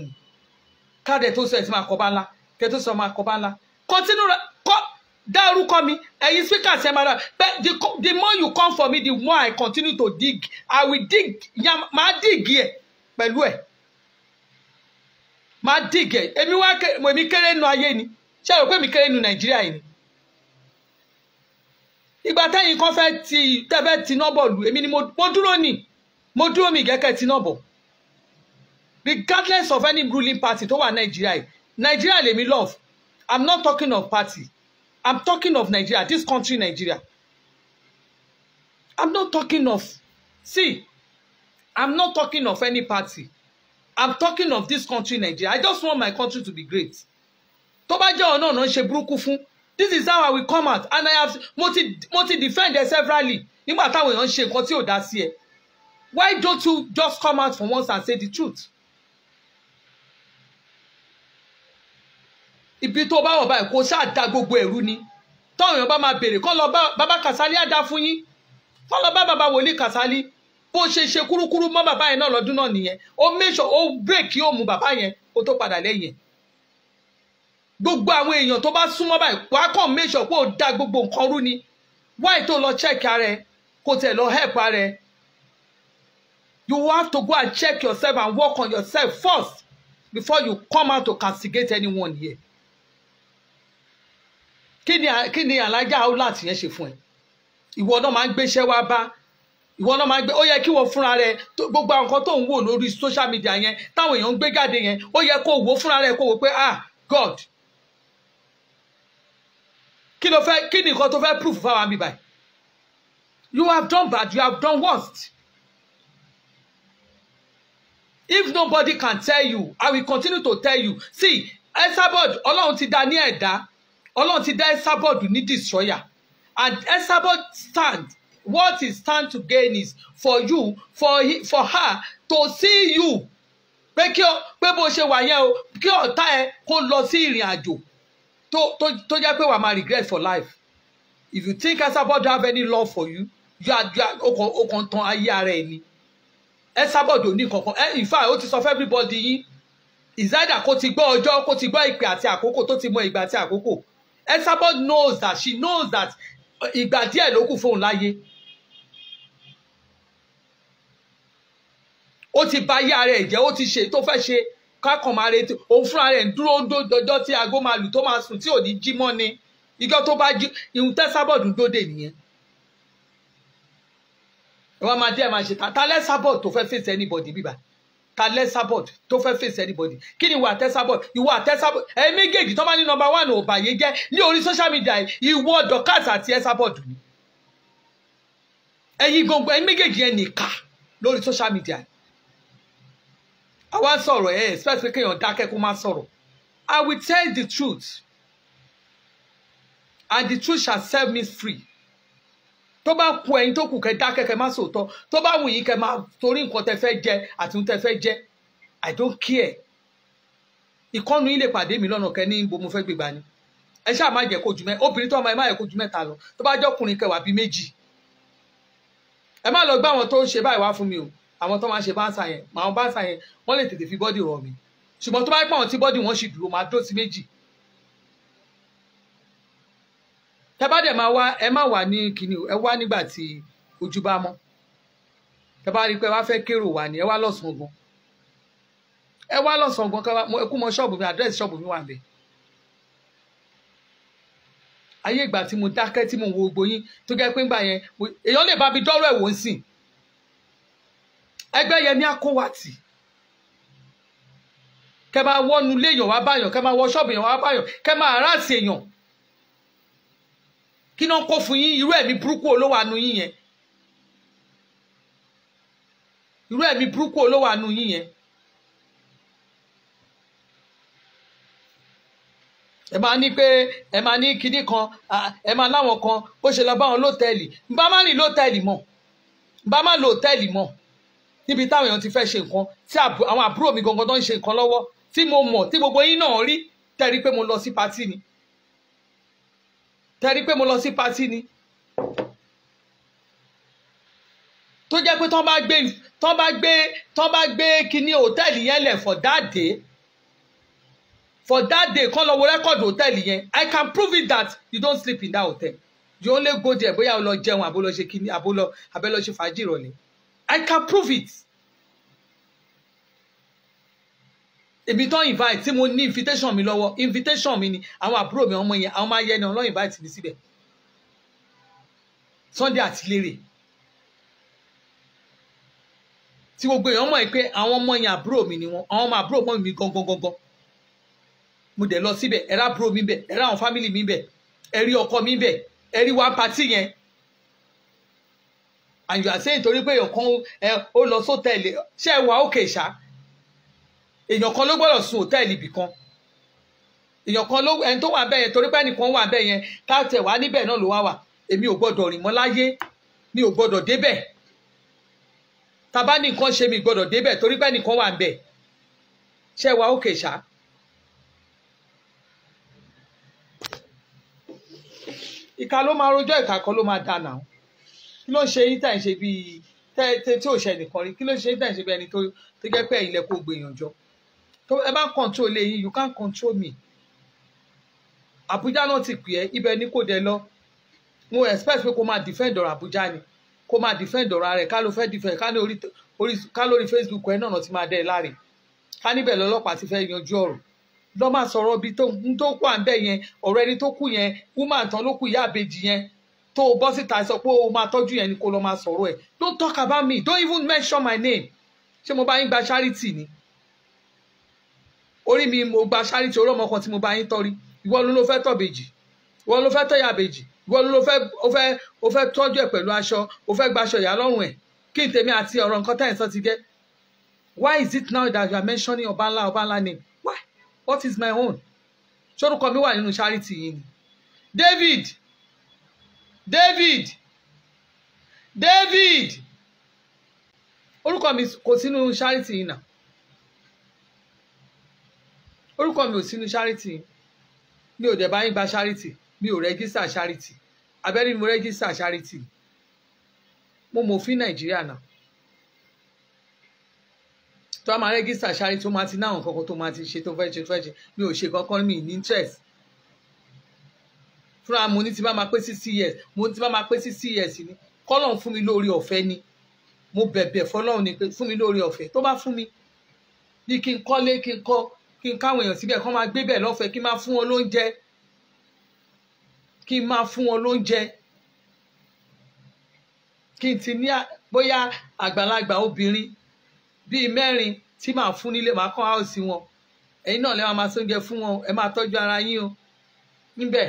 káàdẹ̀ tó sọ ẹ̀ tí máa kọ́ bá ńlá kẹ́ tó sọ máa kọ́ bá ńlá continue co dá orúkọ and ẹ̀yin speakers ẹ máa rà bẹ́ẹ̀ the the more you come for me the more I continue to dig I will dig yam máa dig here, pẹ̀lú ẹ̀ máa dig ẹ̀ èmi wá èmi kéré nu ayé ni ṣé o rò pé èmi kéré nu Nàìjíríà yìí ni ìgbà táyìn kan fẹ́ ti tẹ́fẹ́ ti nọ́bọ̀ lù èmi ni mo dúró nì mo dúró mi gẹ́gẹ́ ti nọ́bọ̀ regardless of any ruling party tó wà nàìjíríà yìí nàìjíríà lèmi love I'm not talking of party. I'm talking of Nigeria, this country, Nigeria. I'm not talking of, see, I'm not talking of any party. I'm talking of this country, Nigeria. I just want my country to be great. Tó bá jẹ́ ọ̀nà ọ̀nà ń This is how I will come out and I have multi ti mo ti defend ẹ severally nígbà táwọn èèyàn Why don't you just come out for once and say the truth? ibi tó bá wọ̀ báyìí kò sáà da gbogbo ẹ̀rú ni táwọn èèyàn bá máa béèrè kọ́ lọ bàbá kàsálí á fún yín kọ́ lọ bá bàbá wòlíì kàsálí bó ṣe ṣe kúrúkúrú mọ́ bàbá yẹn náà lọ́dún náà nìyẹn ó mẹ́sọ̀ ó bírèkì ó mú bàbá yẹn kó tó padà lẹ́yìn gbogbo àwọn èèyàn tó bá súnmọ́ báyìí wàá kàn mẹ́sọ̀ pé ó da gbogbo nǹkan rú ni wáì tó lọ check ara kó tẹ̀ lọ help ara you have to go and check yourself and work on yourself first before you come out to castigate anyone here kí ni alájà aulat yẹn ṣe fún ẹ ìwọ náà máa ń gbéṣẹ́ wá bá ìwọ náà máa ń gbé ó yẹ kí wọ́n fúnra rẹ gbogbo àwọn nǹkan tó ń wò lórí social media yẹn táwọn èèyàn ń gbé jáde yẹn ó yẹ kó wò fúnra rẹ kó wò pé ah God kí ló fẹ́ kí ni nǹkan tó fẹ́ proof fáwọn àmì báyìí you have done bad you have done worst if nobody can tell you I will continue to tell you see Esabod Ọlọ́run ti dá ní ẹ̀dá. E ọlọ́run ti dá Esabod ní destroyer and Esabod stand what is stand to gain is for you for, he, for her to see you pé kí ọ pé bó ṣe wà yẹn o kí ọ̀tá ẹ kó lọ sí ìrìn àjò tó tó tó jẹ́ pé wàá máa regret for life if you think Esabod have any love for you you are you are okan okan tan ayé ara ẹ ni Esabod ò ní kankan ẹ eh, in fact ó ti sọ fún everybody yín ìzáìdà kó ti gbọ́ ọjọ́ kó ti gbọ́ ìpè àti àkókò tó ti mọ ìgbà àti àkókò Esabod knows that she knows that uh, ìgbà díẹ̀ ló kù fóun láyé. ó ti ba ayé ara ẹ̀ jẹ́ ó ti ṣe tó fẹ́ ṣe kákan máa retí òun fúnra rẹ̀ ń dúró dọjọ́ tí aago máa lù tó máa sùn tí ò ní jí mọ́ ni ìjọ tó bá jí ìhun tẹ́sábọ̀d dóde nìyẹn. ìwọ́n máa díẹ̀ máa ṣe ta ta tó fẹ́ fèsì anybody bíbá talẹ sabot tó fẹ́ face anybody kí ni ìwà àtẹ sabot ìwà àtẹ sabot ẹ méjèèjì tó bá ní nọ́mbà one ò bàyè jẹ́ ní orí social media ìwọ dọkàtà àti ẹ sabot ni ẹ̀yin gbogbo ẹ méjèèjì ẹ nìka lórí social media àwa sọ̀rọ̀ ẹ Especially pé kéèyàn dákẹ́ kó má sọ̀rọ̀ I will tell the truth and the truth shall set me free tó bá ku ẹ̀yin tó kù kẹ́ dákẹ́ kẹ́ má sòótọ́ tó bá wù yín kẹ́ má torí nǹkan tẹ́ fẹ́ jẹ àti nǹkan tẹ́ fẹ́ jẹ i don't care ìkọ́nu yín lè pàdé mi lọ́nà kẹ́ ní ibo mo fẹ́ gbégbá ni ẹ ṣáà má jẹ́ kojú mẹ́ta obìnrin tó ọmọ ẹ má jẹ́ kojú mẹ́ta lọ tó bá jẹ́ kẹwàá bíi méjì ẹ má lọ gbé àwọn tó ń ṣe báyìí wá fún mi o àwọn tó máa ń ṣe báńsà yẹn àwọn báńsà yẹn wọ́n lè tètè fi bọ́dì rọ̀ mi ṣùgbọ́n tó bá pọ̀ àwọn tí bọ́dì wọn ṣì dúró máa dó sí méjì tẹ́ bá dẹ̀ máa wá ẹ má wà ní kìnìún ẹ wá nígbà tí ojú bá mọ́ tẹ́ bá rí i pé ẹ wá fẹ́ kérò wà ní ẹ wá lọ́sàn-án gan ẹ wá lọ́sàn-án gan káwá ẹ kú mọ ṣọ́ọ̀bù mi àdírẹ́sì ṣọ́ọ̀bù mi wà bẹ́ẹ̀ ayé ìgbà tí mo dákẹ́ tí mo wo gbogbo yín tó jẹ́ pé ńgbà yẹn èèyàn lè bá mi dọ́rọ̀ ẹ̀wò ń sìn ẹgbẹ́ yẹn ní akówàtì kẹ́ máa wọ́nu lé wá báyàn kẹ́ máa wọ ṣọ́ọ̀bù èèyàn wá báyàn kẹ́ máa aráàsì èèyàn kí náà kó fún yín irú ẹ̀mí burúkú olówó àánú yín yẹn irú ẹ̀mí burúkú olówó àánú yín yẹn ẹ máa ní pé ẹ máa ní kinní kan ẹ máa láwọn kan ó ṣe lọ bá wọn lọ́tẹ̀ẹ̀lì bá má ní lọ́tẹ̀ẹ̀lì mọ́ bá má lọ́tẹ̀ẹ̀lì mọ́ níbi táwọn èèyàn ti fẹ́ ṣe nǹkan tí àwọn àbúrò mi gangan tó ń ṣe nǹkan lọ́wọ́ tí mo mọ̀ tí gbogbo yín náà rí tẹ́rí pé mo lọ sí patí ni tẹ́rí pé mo lọ sí patí ni tó jẹ́ pé tán bá gbé tán bá gbé tán bá gbé kinní hòtẹ́ẹ̀lì yẹn lẹ̀ for that day for that day kán lọ wo rẹ́kọ̀dì hòtẹ́ẹ̀lì yẹn I can prove it that you don't sleep in that hotel you only go there bóyá o lọ jẹun àbó lọ ṣe kinní àbó lọ àbẹ́ lọ ṣe fàájì ìrọ̀lẹ́ I can prove it. ibi tán invite tí mo ní invitation mi lọ́wọ́ invitation mi ni àwọn àbúrò mi ọmọ yẹn àwọn máa yẹ ni ọlọ́run invite mi síbẹ̀ Sunday àti lérè tí gbogbo èèyàn mọ̀ pé àwọn ọmọ yẹn àbúrò mi ni wọn àwọn ọmọ àbúrò mọ́ mi gangan gangan mo dẹ̀ lọ síbẹ̀ ẹ̀rá àbúrò mi bẹ̀ ẹ̀rá àwọn fámìlì mi bẹ̀ ẹ̀rí ọkọ mi bẹ̀ ẹ̀rí wá pàtì yẹn and you are saying torí pé èèyàn kan ó lọ sótẹ́ẹ̀lì ṣé ẹ wà ókè ṣá èèyàn kan ló gbọ́dọ̀ sun hòtẹ́ẹ̀lì ibì kan èèyàn kan ló ẹni tó wà bẹ́ẹ̀ yẹn torí pé ẹnìkan wà bẹ́ẹ̀ yẹn káàtẹ̀ wá níbẹ̀ náà ló wá wà èmi ò gbọ́dọ̀ rìn mọ́ láyé mi ò gbọ́dọ̀ débẹ̀ tàbá nìkan ṣe mi gbọ́dọ̀ débẹ̀ torí pé ẹnìkan wà bẹ́ẹ̀ ṣe wa ókè ṣá. ìka ló máa rojọ́ ìka kan ló máa dànà kí ló ń ṣe yín tàn ṣe bíi tẹ́ tí ò ṣe nìkan rí kí ló ń ṣe yín tàn ṣe bíi ẹni tó jẹ́ pé ilẹ̀ kò gbìyànjọ́ tó ẹ bá control lẹ́yìn you can't control me Abuja náà ti pè ẹ́ ibẹ̀ ni kò dé lọ mo expect pé kó máa defend ọ̀rọ̀ Abuja. ni kó máa defend ọ̀rọ̀ rẹ̀ ká ló fẹ́ defend ká ní orí orí ká lórí Facebook ẹ náà ti máa dẹ́ ẹ láre ká níbẹ̀ lọ́lọ́pàá ti fẹ́ yanjú ọ̀rọ̀ lọ́ máa sọ̀rọ̀ bíi tó ń tó kú à ń bẹ̀ yẹn ọ̀rọ̀ ẹni tó kú yẹn woman tán ló kú ìyá àbejì yẹn tó o bọ́ síta sọ pé o máa tọ́jú yẹn ni kó lọ máa sọ̀rọ̀ ẹ̀ don't talk about me don't even mention my name ṣé mo bá yín gba charity ni orí mi mo gba charity orí ọmọ kan tí mo bá yín tọ́rí ìwọ ló ló fẹ́ bèjì ìwọ ló fẹ́ tọ̀yà bèjì ìwọ ló fẹ́ o fẹ́ o fẹ́ tọ́jú ẹ̀ pẹ̀lú aṣọ o fẹ́ gbaṣọ ìyá lọ́rùn ẹ̀ kí n tèmi àti ọ̀rọ̀ nǹkan táyà sọ ti gẹ́ why is it now that you are mentioning ọbanla ọbanla name why what is my own sorúkọ mi wà nínú charity yìí ni David David David orúkọ mi kò sínú charity yìí náà orúkọ mi ò sínú charity mi ò dẹ̀ bá yín gba charity mi ò rẹ́gísà charity abẹ́rẹ́ mi mo rẹ́gísà charity mo mọ̀ òfin nàìjíríà náà tó a máa rẹ́gísà charity tó máa ti náà kankan tó máa ti ṣe tó fẹ́ ṣe tó fẹ́ ṣe mi ò ṣe kankan mi ní interest fúnra mo ní ti bá máa pé sixty years mo ní ti bá máa pé sixty years ni kọ́lọ́n fún mi lórí ọ̀fẹ́ ni mo bẹ̀bẹ̀ fọlọ́run ni pé fún mi lórí ọ̀fẹ́ tó bá fún mi ní kí n kọ́lé kí n kọ́ kí n káwọn èèyàn síbẹ̀ kán máa gbé bẹ̀ lọ́fẹ̀ẹ́ kí n máa fún wọn lóúnjẹ kí n máa fún wọn lóúnjẹ kí n ti ní bóyá àgbàlagbà obìnrin bíi mẹ́rin tí màá fún nílé màá kọ́ áùsì wọn ẹ̀yin náà lè máa máa sóúnjẹ fún wọn ẹ máa tọ́jú ara yín o níbẹ̀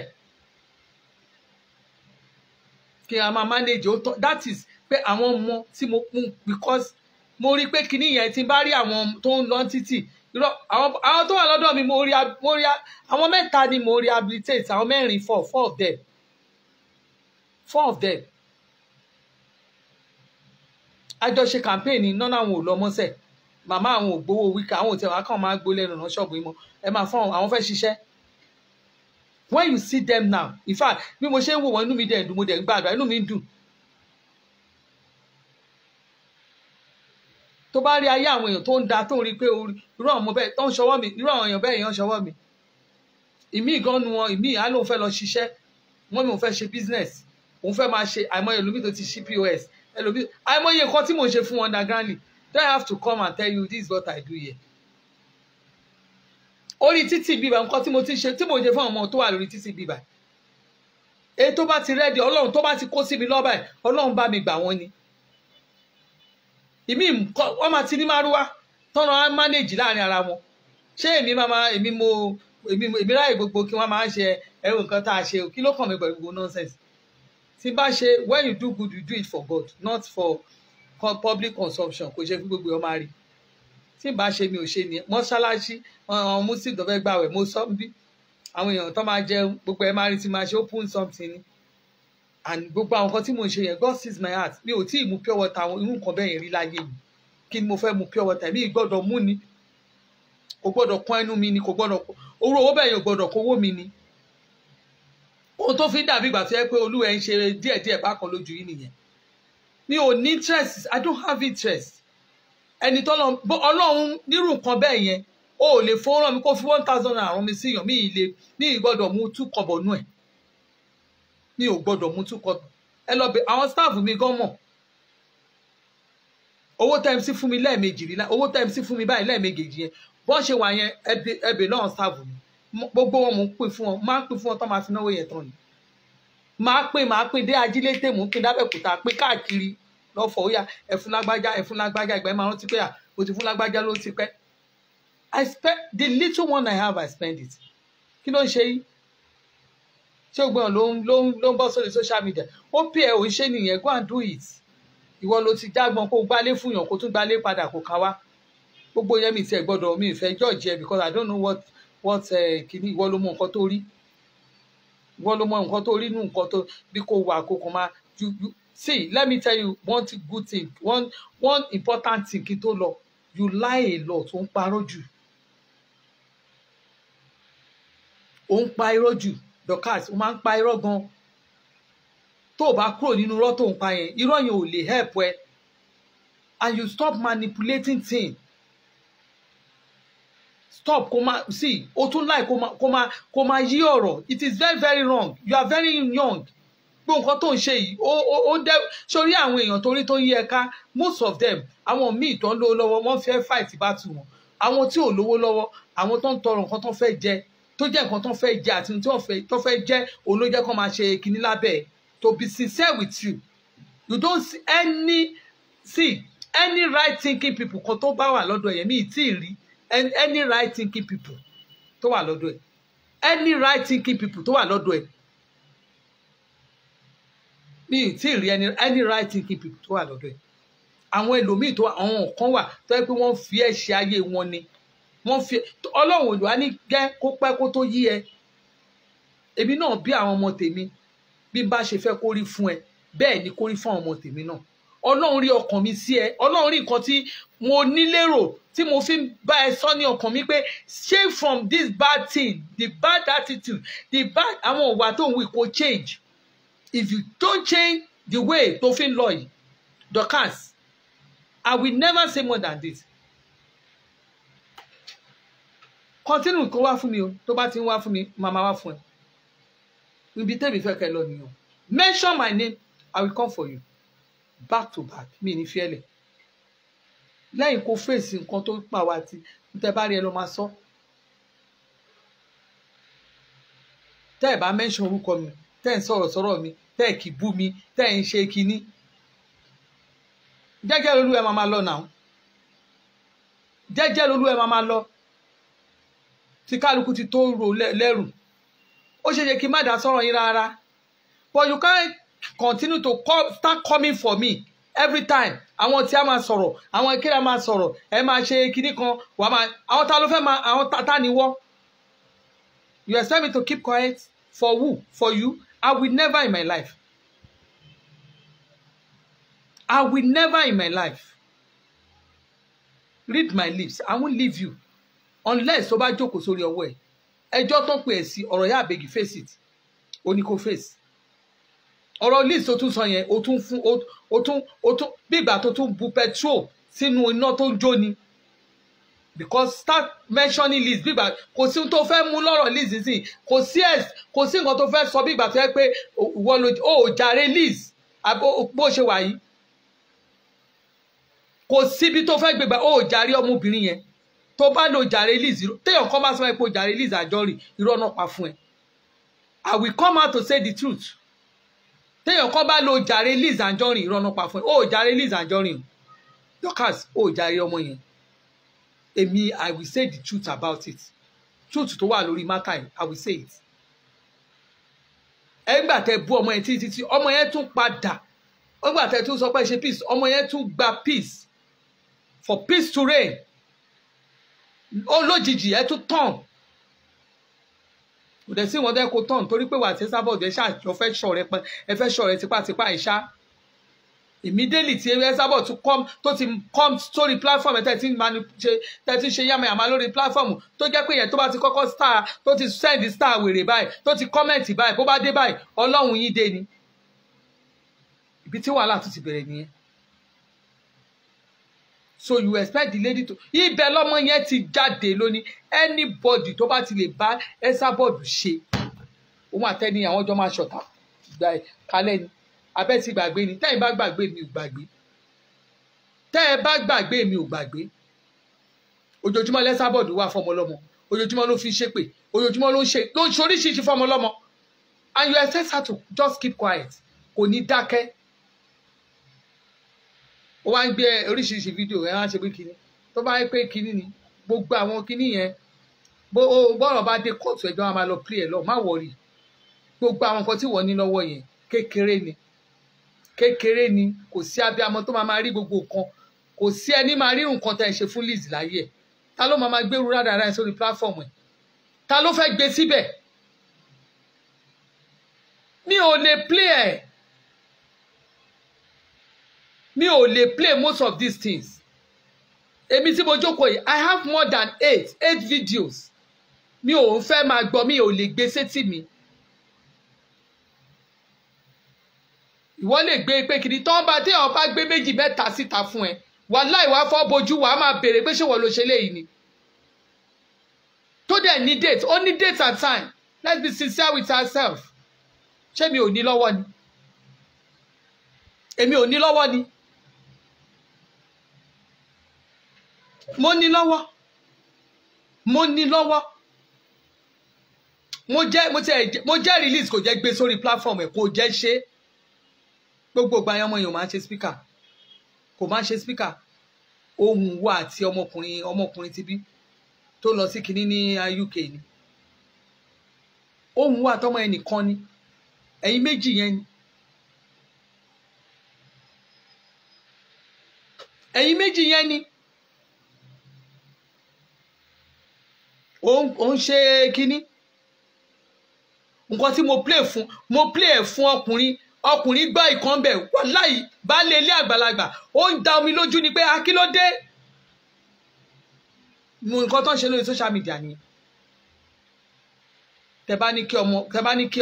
kí a máa manage ó that is pé àwọn ọmọ tí mo kún because mo rí pé kinní yẹn tí bá rí àwọn tó ń lọ títì àwọn tó wà lọ́dọ̀ mi mo rí àwọn mẹ́ta ni mo rehabilitate àwọn mẹ́rin four four of them four of them àjọṣe campaign ni nọ́nà àwọn ò lọ mọ́sẹ̀ màmá àwọn ò gbowó wíkà àwọn ò tẹ̀ wá kàn máa gbó lẹ́nu náà ṣọ́ọ̀bù yìí mọ́ ẹ máa fọ́n àwọn fẹ́ ṣiṣẹ́ when you see them now in fact bí mo ṣe ń wò wọ́n inú mi dẹ̀ ń dùn mo dẹ̀ ń gbàdúrà inú mi ń dùn tó bá rí ayé àwọn èèyàn tó ń da tó ń rí pé irú àwọn ọmọ bẹ́ẹ̀ tó ń ṣọwọ́ mi irú àwọn èèyàn bẹ́ẹ̀ yẹn ń ṣọwọ́ mi ìmí ìgànnu wọn ìmí ìhà ló ń fẹ́ lọ ṣiṣẹ́ wọ́n mi ò fẹ́ ṣe business òun fẹ́ máa ṣe àìmọye ẹlòmíì tó ti ṣí pos ẹlòmíì àìmọye nǹkan tí mò ń ṣe fún wọn underground do I have to come and tell you this is what I do here orí títì bíbá nǹkan tí mo ti ṣe tí mo ṣe fún àwọn ọmọ tó wà lórí títì bíbá èyí tó bá ti rẹ́dí ọlọ́run tó bá ti kó síbi lọ́ba ẹ̀ ọlọ́run bá mi gbà wọ́n ni ìmí wọ́n máa ti ní márúwá tọ́nà á mánéèjì láàrin ara wọn ṣé èmi máa èmi mo èmi ráàyè gbogbo kí wọ́n máa ṣe ẹrù nǹkan tá a ṣe kí ló kàn mí pẹ̀lú gbogbo nonsense tí bá ṣe when you do good you do it for God not for public consumption kò ṣe fún gbogbo ọmọ rí tí bá ṣe mi ò ṣe ni mọ́ṣáláṣí àwọn muslim tó fẹ́ gbà wẹ̀ mo sọ bí àwọn èèyàn tó máa jẹun gbogbo ẹ̀ máa rí ti máa ṣe open something ni and gbogbo àwọn nǹkan tí mo ń ṣe yẹn God sees my heart mi ò tí ì mu pure water àwọn irú nǹkan bẹ́ẹ̀ yẹn rí láyé mi kí ni mo fẹ́ mu pure water mi gbọ́dọ̀ mú ni kò gbọ́dọ̀ kún ẹnu mi ni kò gbọ́dọ̀ orú owó bẹ́ẹ̀ yẹn ò gbọ́dọ̀ kówó mi ni ohun tó fi ń dàbí ìgbà tó yẹ pé olúwa ń ṣe díẹ̀díẹ̀ bákan lójú yìí nìyẹn mi ò ní interest I don't have interest ẹni tó lọ ọlọ́run nírú nǹkan bẹ́ẹ̀ yẹn o ò lè fowó rán mi kó fi one thousand naira rán mi síyàn mi ì lè ní ìgbọ́dọ̀ mú two mi ò gbọ́dọ̀ mú two cup ẹ lọ bẹ àwọn staff mi gan mọ̀ owó tẹ́m sí fún mi lẹ́ẹ̀mejì rí owó tẹ́m sí fún mi báyìí lẹ́ẹ̀mejì yẹn bọ́n ṣe wà yẹn ẹbẹ lọ́hùn staff mi gbogbo wọn mò ń pín fún wọn máa ń pín fún wọn tó máa fi náwó yẹn tán ni máa pín máa pín dé ajílété mò ń pín dábẹ́kúta pín káàkiri lọ́fọ̀ ó yà ẹ̀fún lágbájá ẹ̀fún lágbájá ìgbà yẹn máa rántí pé à o ti fún lágbájá ló ti pẹ́ I spend the little one I have I spend it kí ló ń ṣe yìí ṣé o gbọ́n ló ń ló ń ló ń bọ́ sórí social media ó pè ẹ́ òun ṣe nìyẹn go and do it ìwọ ló ti dágbọn kó gbálé fún yàn kó tún gbálé padà kó ká wá gbogbo yẹn mi tiẹ̀ gbọ́dọ̀ mi ìfẹ́ george yẹn because i don't know what what eh, kìíní ìwọ ló mọ nǹkan tó rí ìwọ ló mọ nǹkan tó rí nù nǹkan tó bí kò wà kó kò máa you you see let me tell you one good thing one one important thing kí tó lọ you lie a lot ó ń parọ́ jù ó ń pa irọ́ jù Dorkas ó máa ń pa irọ́ gan tó o bá kúrò nínú irọ́ tó ń pa yẹn irọ́ yẹn ò lè help ẹ and you stop manipulating things stop kó máa see o tún láì kó máa kó máa yí ọ̀rọ̀ it is very very wrong you are very young gbogbo nǹkan tó ń ṣe yìí ó ó ó dẹ sórí àwọn èèyàn torí tó ń yí ẹ̀ka most of them àwọn míì tó ń lówó lọ́wọ́ wọ́n fẹ́ fight battle wọn àwọn tí ò lówó lọ́wọ́ àwọn tó ń tọrọ nǹkan tó fẹ́ jẹ tó jẹ́ nǹkan tó fẹ́ jẹ àti tó fẹ́ jẹ́ òun ló jẹ́ kó máa ṣe kinní lábẹ́ to be sincere with you you don't see any see any right thinking people kan tó bá wà lọ́dọ̀ yẹn mi ì tí ì rí any right thinking people tó wà lọ́dọ̀ ẹ̀ any right thinking people tó wà lọ́dọ̀ ẹ̀ mi ì tí ì rí any right thinking people tó wà lọ́dọ̀ ẹ̀ àwọn ẹlòmíì tó àwọn kan wà tó yẹ pé wọ́n fi ẹ̀ ṣe ayé wọn ni wọ́n fi ọlọ́run olùwà ní gẹ́ kó pẹ́ kó tó yí ẹ èmi náà bí àwọn ọmọ tèmi bí n bá ṣe fẹ́ kó rí fún ẹ bẹ́ẹ̀ ni kó rí fún àwọn ọmọ tèmi náà ọlọ́run rí ọkàn mi sí ẹ ọlọ́run rí nǹkan tí mo nílérò tí mo fi bá ẹ sọ ní ọkàn mi pé save from this bad thing the bad attitude the bad àwọn ìwà tó ń wí kó change if you don't change the way tó fi ń lọ yìí Dorcas I will never say more than this Continue kó wá fún mi o tó bá ti ń wá fún mi màmá wá be ẹ ibi tẹ́mi fẹ́ kẹ́ lọ nìyẹn mention my name i will come for you back to back mi ní fiẹ́lẹ̀ lẹ́yìn kó fèsì nǹkan tó pa wá ti tẹ́ bá rí ẹ lọ máa sọ tẹ́ ẹ̀ mention orúkọ mi tẹ́ ẹ̀ ń sọ̀rọ̀ sọ̀rọ̀ mi tẹ́ ẹ̀ kì í bú mi tẹ́ ẹ̀ ń ṣe kinní jẹ́jẹ́ lolú ẹ máa máa lọ náà jẹ́jẹ́ lolú ẹ tí kálukú ti tó rò lẹ́rù ó ṣe ṣe kí má dá sọ̀rọ̀ yín rárá but you can continue to call, start coming for me every time àwọn tí a máa sọ̀rọ̀ àwọn ìkéde a máa sọ̀rọ̀ ẹ máa ṣe kinní kan wàá máa àwọn ta ló fẹ́ máa àwọn ta ni wọ́ you expect me to keep quiet for who for you I will never in my life I will never in my life read my lips I won't leave you unless ó bá jókòó sórí ọwọ́ ẹ̀ ẹjọ́ tó pè é sí ọ̀rọ̀ yá àbẹ̀gì face it ó ní kó face ọ̀rọ̀ Liz tó tún sọ yẹn ó tún fún ó tún ó tún bí ìgbà tó tún bu petrol sínú iná tó ń jó ni because start mentioning Liz bí ìgbà kò sí tó fẹ́ mú lọ́rọ̀ Liz nísìnyí kò sí ẹ̀ kò sí nǹkan tó fẹ́ sọ bí ìgbà tó yẹ pé wọ́n lo ó jàre Liz bó ṣe wà yìí kò síbi tó fẹ́ gbégbá ó jàre ọmọbìnrin yẹn tó bá lo jàre lease téèyàn kan bá sọ pé jàre lease àjọrì irọ́ náà pa fún ẹ I will come out to say the truth téèyàn kan bá lo jàre lease àjọrì irọ́ náà pa fún ẹ ó jàre lease àjọrì o Dorkas ó jàre ọmọ yẹn èmi I will say the truth about it truth tó wà lórí mátà yìí I will say it ẹgbà tẹ bú ọmọ yẹn títí tí ọmọ yẹn tún padà ẹgbà tẹ tún sọ pé ṣe peace ọmọ yẹn tún gba peace for peace to reign ó lójijì ẹ tún tàn kò dẹ̀ sí wọn dẹ́ kó tàn torí pé wà á ti sábọ̀dù ẹ ṣàjọ fẹ́ ṣọ̀rẹ́ pẹ́ ẹ fẹ́ ṣọ̀rẹ́ tipátipá ìṣá immediately tí ẹ sábọ̀ tún come tó ti come sórí platform ẹ tẹ́tí manu ṣe tẹ́tí ṣe yàmà yàmà lórí platform tó jẹ́ pé yẹn tó bá ti kọ́kọ́ star tó ti send star wèrè báyìí tó ti comment báyìí bó bá dé báyìí ọlọ́run yín dé ni ibi tí wàhálà tún ti bẹ̀rẹ̀ nìyẹn so you expect the lady to ibẹ̀ lọ́mọ yẹn ti jáde lónìí anybody tó bá ti lè bá Esabod ṣe òun àtẹni àwọn jọ máa ṣọ̀tá gba kalẹ̀ ni abẹ́ ti gbàgbé ni tẹ́yìn bá gbàgbé mi ò gbàgbé tẹ́yìn bá gbàgbé mi ò gbàgbé ojoojúmọ́ lẹ́sàbọ̀dù wà fọmọ lọ́mọ ojoojúmọ́ ló fi ṣépè ojoojúmọ́ ló ń ṣe ló ń ṣe oríṣiríṣi fọmọ lọ́mọ and you expect her to just keep quiet kò ní dákẹ́ ó wá ń gbé oríṣiríṣi fídíò ẹ wá ń ṣe pé kinní tó bá yẹ pé kinní ni gbogbo àwọn kinní yẹn bọ́ọ̀rọ̀ bá dé kóòtù ẹjọ́ a máa lọ plé ẹ̀ lọ má wọ̀rì gbogbo àwọn nǹkan tí wọ́n ní lọ́wọ́ yẹn kékeré ni kékeré ni kò sí abiyamọ tó máa máa rí gbogbo nǹkan kò sí ẹni máa rí nǹkan tá ẹ ṣe fún Liz láyé ẹ ta ló máa máa gbèrú rádàrá ẹ sórí platform ẹ ta ló fẹ́ gbé síbẹ̀ mi ò lè plé ẹ̀ mi ò lè play most of these things èmi tí mo jókòó yìí i have more than eight eight videos mi ò ń fẹ́ máa gbọ́ mi ò lè gbé sétí mi ìwọ lè gbé pé kiri tọ́ bá tí ọba gbé méjì mẹ́ta síta fún ẹ wàláì wá fọ́ bojú wàá máa béèrè pé ṣé wọ́n ló ṣe léyìí ni tó dẹ̀ ní date ó ní date and time let's be sincere with ourselves ṣé mi ò ní lọ́wọ́ ni èmi ò ní lọ́wọ́ ni. mo ní lọ́wọ́ mo ní lọ́wọ́ mo jẹ́ mo tiẹ̀ mo jẹ́ release kò jẹ́ gbé sórí platform ẹ̀ kò jẹ́ ṣe gbogbo ìgbà yẹn ọmọ èèyàn máa ṣe speaker kò máa ṣe speaker ohun wo àti ọmọkùnrin ọmọkùnrin ti bí tó lọ sí kinní ní UK ni ohun wo àtọmọ ẹ nìkan ni ẹ̀yin méjì yẹn ni ẹ̀yin méjì yẹn ni. ó ń ṣe kínní nǹkan tí mo play fún mo play ẹ̀ fún ọkùnrin ọkùnrin gbọ́ ìkan bẹ̀ wàláì baálé ilé àgbàlagbà ó ń da omi lójú ni pé akílódé mo nǹkan tó ń ṣe lórí social media ni tẹ bá ní kí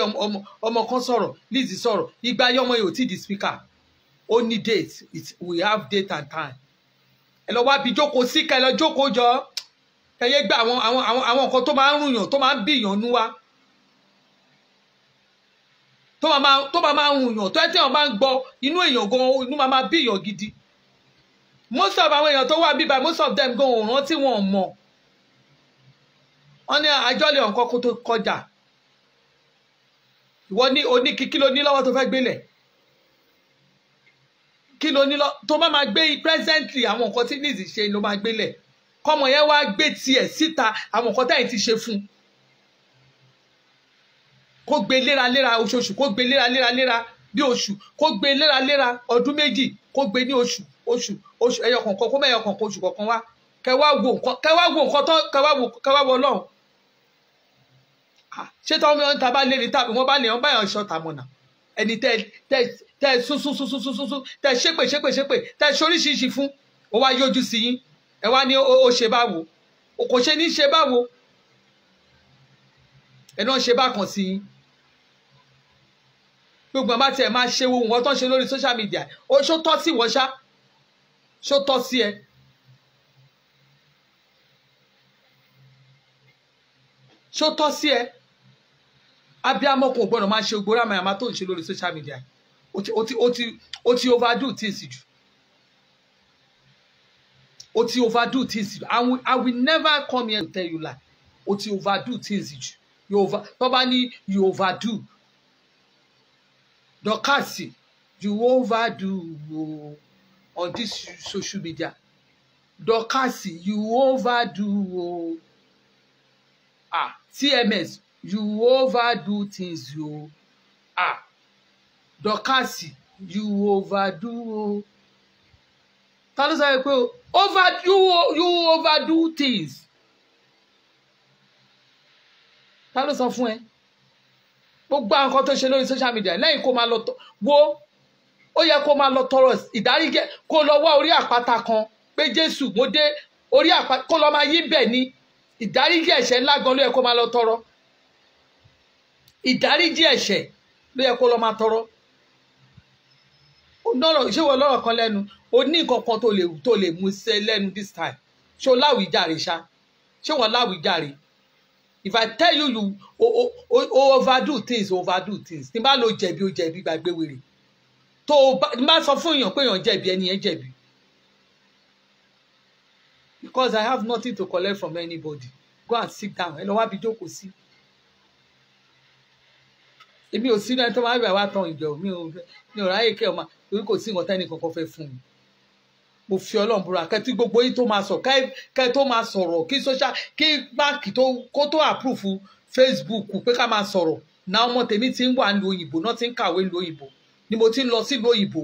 ọmọ kan sọ̀rọ̀ Lizzy sọ̀rọ̀ ìgbà ayé ọmọ yìí ò tí di speaker ó ní date we have date and time ẹ lọ wá bí jókòó sí ká ẹ lọ jókòó jọ ẹyẹ gba àwọn àwọn àwọn àwọn nǹkan tó máa ń rùyàn tó máa ń bìyàn nú wa tó máa tó máa ń rùyàn tó ẹ tí wọn bá ń gbọ́ inú èèyàn gan inú máa máa bìyàn gidi most of àwọn èèyàn tó wà bíbá most of them gan òòrùn tí wọn mọ wọn ní àjọlẹ̀ nǹkan kó tó kọjá ìwọ ní oní kí ló ní lọ́wọ́ tó fẹ́ gbélẹ̀ kí ló ní lọ tó máa máa gbé presently àwọn nǹkan tí nìyí ṣe ló máa gbélẹ̀ kọ́mọ yẹn wá gbé tiẹ̀ síta àwọn nǹkan táyìn ti ṣe fún un kó gbé léraléra oṣooṣù kó gbé léraléraléra bí oṣù kó gbé léraléra ọdún méjì kó gbé ní oṣù oṣù oṣù ẹyọ kọ̀ọ̀kan kó mẹ́yọ kọ̀ọ̀kan oṣù kọ̀ọ̀kan wá kẹwàá wo nǹkan kẹwàá wo nǹkan tó kẹwàá wo kẹwàá wo ọlọ́run ah, ṣé tọ́ wọn ta bá lé ní tàbí wọ́n bá lè yan báyọ̀ ṣọ́ tàmọ̀nà ẹni tẹ tẹ tẹ sún sún sún sún sún sún tẹ ṣépè ṣépè ṣépè tẹ ṣoríṣiríṣi fún ó wá yọjú sí yín ẹ wá ní ó ṣe báwo kò ṣe ní ṣe báwo ẹ náà ṣe bákan sí i gbogbo àbá tiẹ̀ máa ṣe wo nǹkan tó ń ṣe lórí social media ó ṣó tọ́ sí wọ́n ṣá ṣó tọ́ sí ẹ. ṣó tọ́ sí ẹ abiyamọ kò gbọ́dọ̀ máa ṣe gbóra màmá tó ń ṣe lórí social media ó ti ó ti ó ti overdo things jù o ti overdo things I will, I will never come here to tell you lie o ti overdo things you over tó bá you overdo dọkasi you overdo o on this social media dọkasi you overdo o ah tms you overdo things o ah dọkasi you overdo o ta ló sọ pé o. Over, you, you overdo things. Ta ló sọ fún ẹ? Gbogbo àwọn nǹkan tó ṣe lórí social media lẹ́yìn kó máa lọ wo ó yẹ kó máa lọ tọrọ ìdáríjẹ́ kó lọ wá orí àpáta kan pé Jésù mo dé orí àpáta kó lọ máa yí bẹ̀ ni ìdáríjẹ́ ẹ̀ṣẹ̀ ńlá gan ló yẹ kó máa lọ tọrọ. Ìdáríjẹ́ ẹ̀ṣẹ̀ ló yẹ kó lọ máa tọrọ lọ́rọ̀ ṣé wọ́n lọ́rọ̀ kan lẹ́nu o ní nǹkan kan tó lè tó lè mú ṣe lẹ́nu this time ṣé o láwìjàre ṣá ṣé wọ́n láwìjàre if i tell you you o o o overdo things overdo things tí n bá lo jẹ̀bi o jẹ̀bi gbàgbé wèrè tó o bá sọ fún èèyàn pé èèyàn jẹ̀bi ẹni jẹ̀bi because i have nothing to collect from anybody go and sit down ẹ lọ wá bí jókòó sí èmi ò sínú ẹni tó máa ń bẹ̀ wá tan ìjọ mi ò mi ò ráyè kí torí kò sí nǹkan tẹ́ni kankan fẹ́ fún mi mo fi ọlọ́run búra kẹ́tí gbogbo yín tó máa sọ kẹ́ tó máa sọ̀rọ̀ kí social kí máàkì tó kó tó àpúrùfù Facebook pé ká máa sọ̀rọ̀ náà ọmọ tèmi ti ń wà ní òyìnbó náà ti ń kàwé ní òyìnbó ni mo ti ń lọ sílùú òyìnbó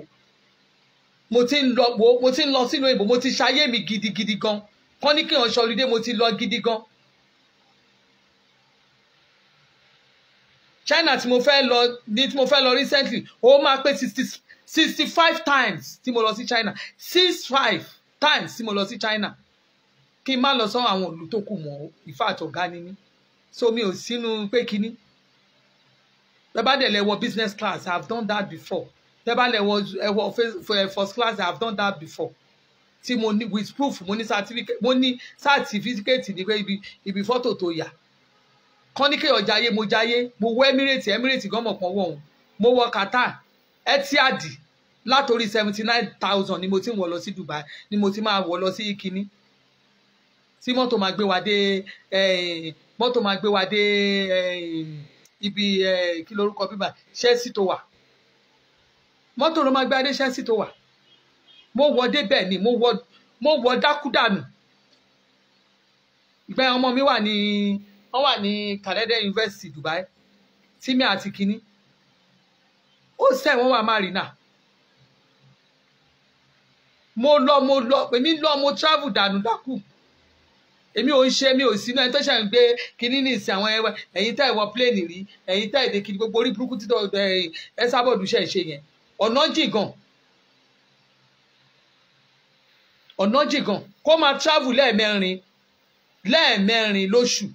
mo ti ń lọ mo ti ń lọ sílùú òyìnbó mo ti ṣayé mi gidigidi gan kán ní kí n ṣọlidé mo ti lọ gidi gan. China tí mo fẹ́ lọ ní tí mo fẹ́ lọ recently ó máa pé sixty sixty five times tí mo lọ sí China six five times tí mo lọ sí China kí n má lọ sọ àwọn ìlú tó kù mọ́ ìfàtọ̀ ọ̀gá ni mí so mi ò sínú pé kínní bẹ́ẹ̀ bá wọ business class I have done that before bẹ́ẹ̀ bá lẹ wọ ẹwọ first class I have done that before tí mo ní with proof mo ní certificate mo ní certificate ní pé ibi ibi fọ́tò tó yà kọ́níkẹ́ ọ̀jáyé mo jáyé mo wọ Emirates emirate gọ́mọ̀ kan wọ̀ mo wọ Qatar Etihad látòrí seventy nine thousand ni mo ti ń wọ̀ lọ sí Dubai ni mo ti máa wọ̀ lọ sí kínní tí mọ́tò máa gbé wa dé eh, mọ́tò máa gbé wa dé eh, ibi eh, kí lorúkọ bíbà ṣẹ́ẹ̀sì tó wà mọ́tò ló máa gbé wa dé ṣẹ́ẹ̀sì tó wà mo wọ débẹ̀ ni mo wọ mo wọ dákúdànù ìgbà ọmọ mi wà ní wọ́n wà ní Canada University Dubai tí mi àti kínní ó sẹ́ wọ́n wà máa rìn náà mo lọ mo lọ èmi lọ mo travel dànù dákù èmi ò ń ṣe mi ò sí náà ẹni tó ṣe ń gbé kinní ní ìsìn àwọn ẹwà ẹ̀yin tá ìwọ pléènì rí ẹ̀yin tá èdè kiri gbogbo orí burúkú títọ́ ẹ sábọ̀dù ṣe ń ṣe yẹn ọ̀nà jìgàn ọ̀nà jìgàn kó máa travel lẹ́ẹ̀mẹrin lẹ́ẹ̀mẹrin lóṣù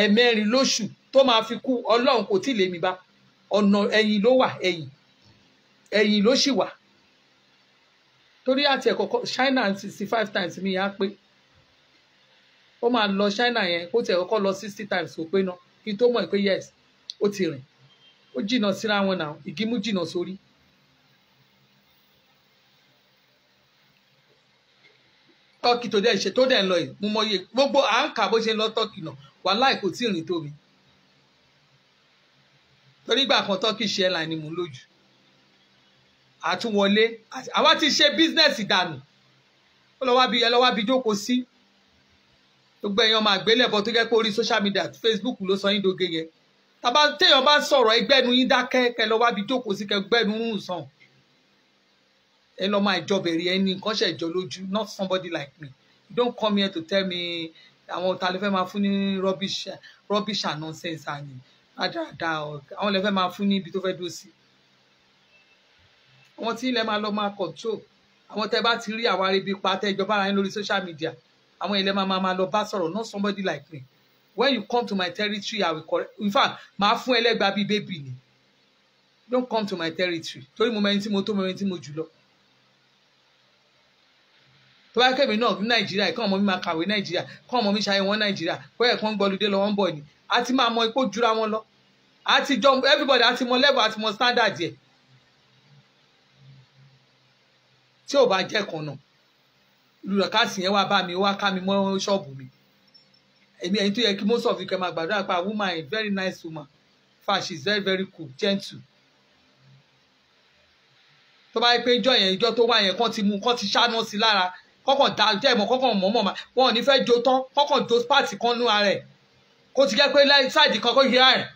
ẹ̀ẹ̀mẹrin lóṣù tó máa fi kú ọlọ́run kò tí ì lè mi bá ọ̀nà ẹ̀yìn ló wà ẹ̀yìn ẹ̀yìn ló sì wà torí àti ẹ̀kọ́kọ́ China sixty five times mi yà á pé ó máa lọ China yẹn kó tiẹ̀ kọ́kọ́ lọ sixty times kò pé náà kí n tó mọ̀ pé yes ó ti rìn ó jìnnà síra wọn náà ìgímú jìnnà sórí. tọ́kì tó dẹ̀ ṣe tó dẹ̀ ń lọ yìí mo mọyì gbogbo à ń kà bó ṣe ń lọ tọ́kì náà wàhálà kò tí ì rìn tóbi torí ìgbà kan tọ́kì ṣe airline ni mò ń lò àtúnwọlé àwa ti ṣe bísínẹ́sì dànù ó lọ́wọ́ bí ẹ lọ́wọ́ bí jókòó sí gbogbo èèyàn máa gbélẹ̀bọ tó jẹ́ pé orí social media Facebook ló sọ yín doge yẹn tàbá téèyàn bá sọ̀rọ̀ ẹgbẹ́nu yín dákẹ́ kẹ lọ́wọ́ bí jókòó sí kẹ gbẹ́nu ń sàn ẹ lọ́ máa jọ bẹ̀rẹ̀ ẹni nǹkan ṣẹ̀ jọ lójú not somebody like me don't come here to tell me àwọn ta ló fẹ́ máa fún ní rubbish rubbish and nonsense àní àdáadáa àwọn lè fẹ́ máa fún ní ibi tó fẹ́ dúró sí àwọn tí ilẹ̀ máa lọ máa control àwọn tẹ́ bá ti rí àwọn arebi pa tẹ́ ìjọba ara yín lórí social media àwọn ilẹ̀ máa máa lọ bá sọ̀rọ̀ not somebody like me when you come to my territory i will correct in fact màá fún ẹlẹ́gbàá bíi bébì ni don't come to my territory torí mo mẹ́rin tí mo tó mẹ́rin tí mo jù lọ tó bá kẹ́mi náà ní nàìjíríà ìkọ́ ọmọ mi máa kàwé nàìjíríà kọ́ ọmọ mi ṣayẹ̀wò nàìjíríà bóyá ẹ̀kọ́ ń gbọ́lùdé lọ wọ́n ń bọ̀ ni a máa mọ ipò jura wọn lọ a jọ everybody a ti mọ level a ti mọ standard yẹn tí ò bá jẹ́ kan náà lùdọ̀kásì yẹn wá bá mi wá ká mi mọ́ ṣọ́ọ̀bù mi èmi ẹni tó yẹ kí most of you kẹ́ máa gbàdúrà pé a woman is very nice woman fa she is very very cool gentle tó bá yẹ pé ijọ́ yẹn ijọ́ tó wà yẹn kán ti mú kán ti ṣáná sí lára kọ́kàn dá jẹ́ ìmọ̀ kọ́kàn mọ̀ọ́mọ̀ ma wọn ò ní fẹ́ jó tán kọ́kàn jó pàtì kan nú ara ẹ̀ kó ti jẹ́ pé sáìdì kan kó yẹra rẹ̀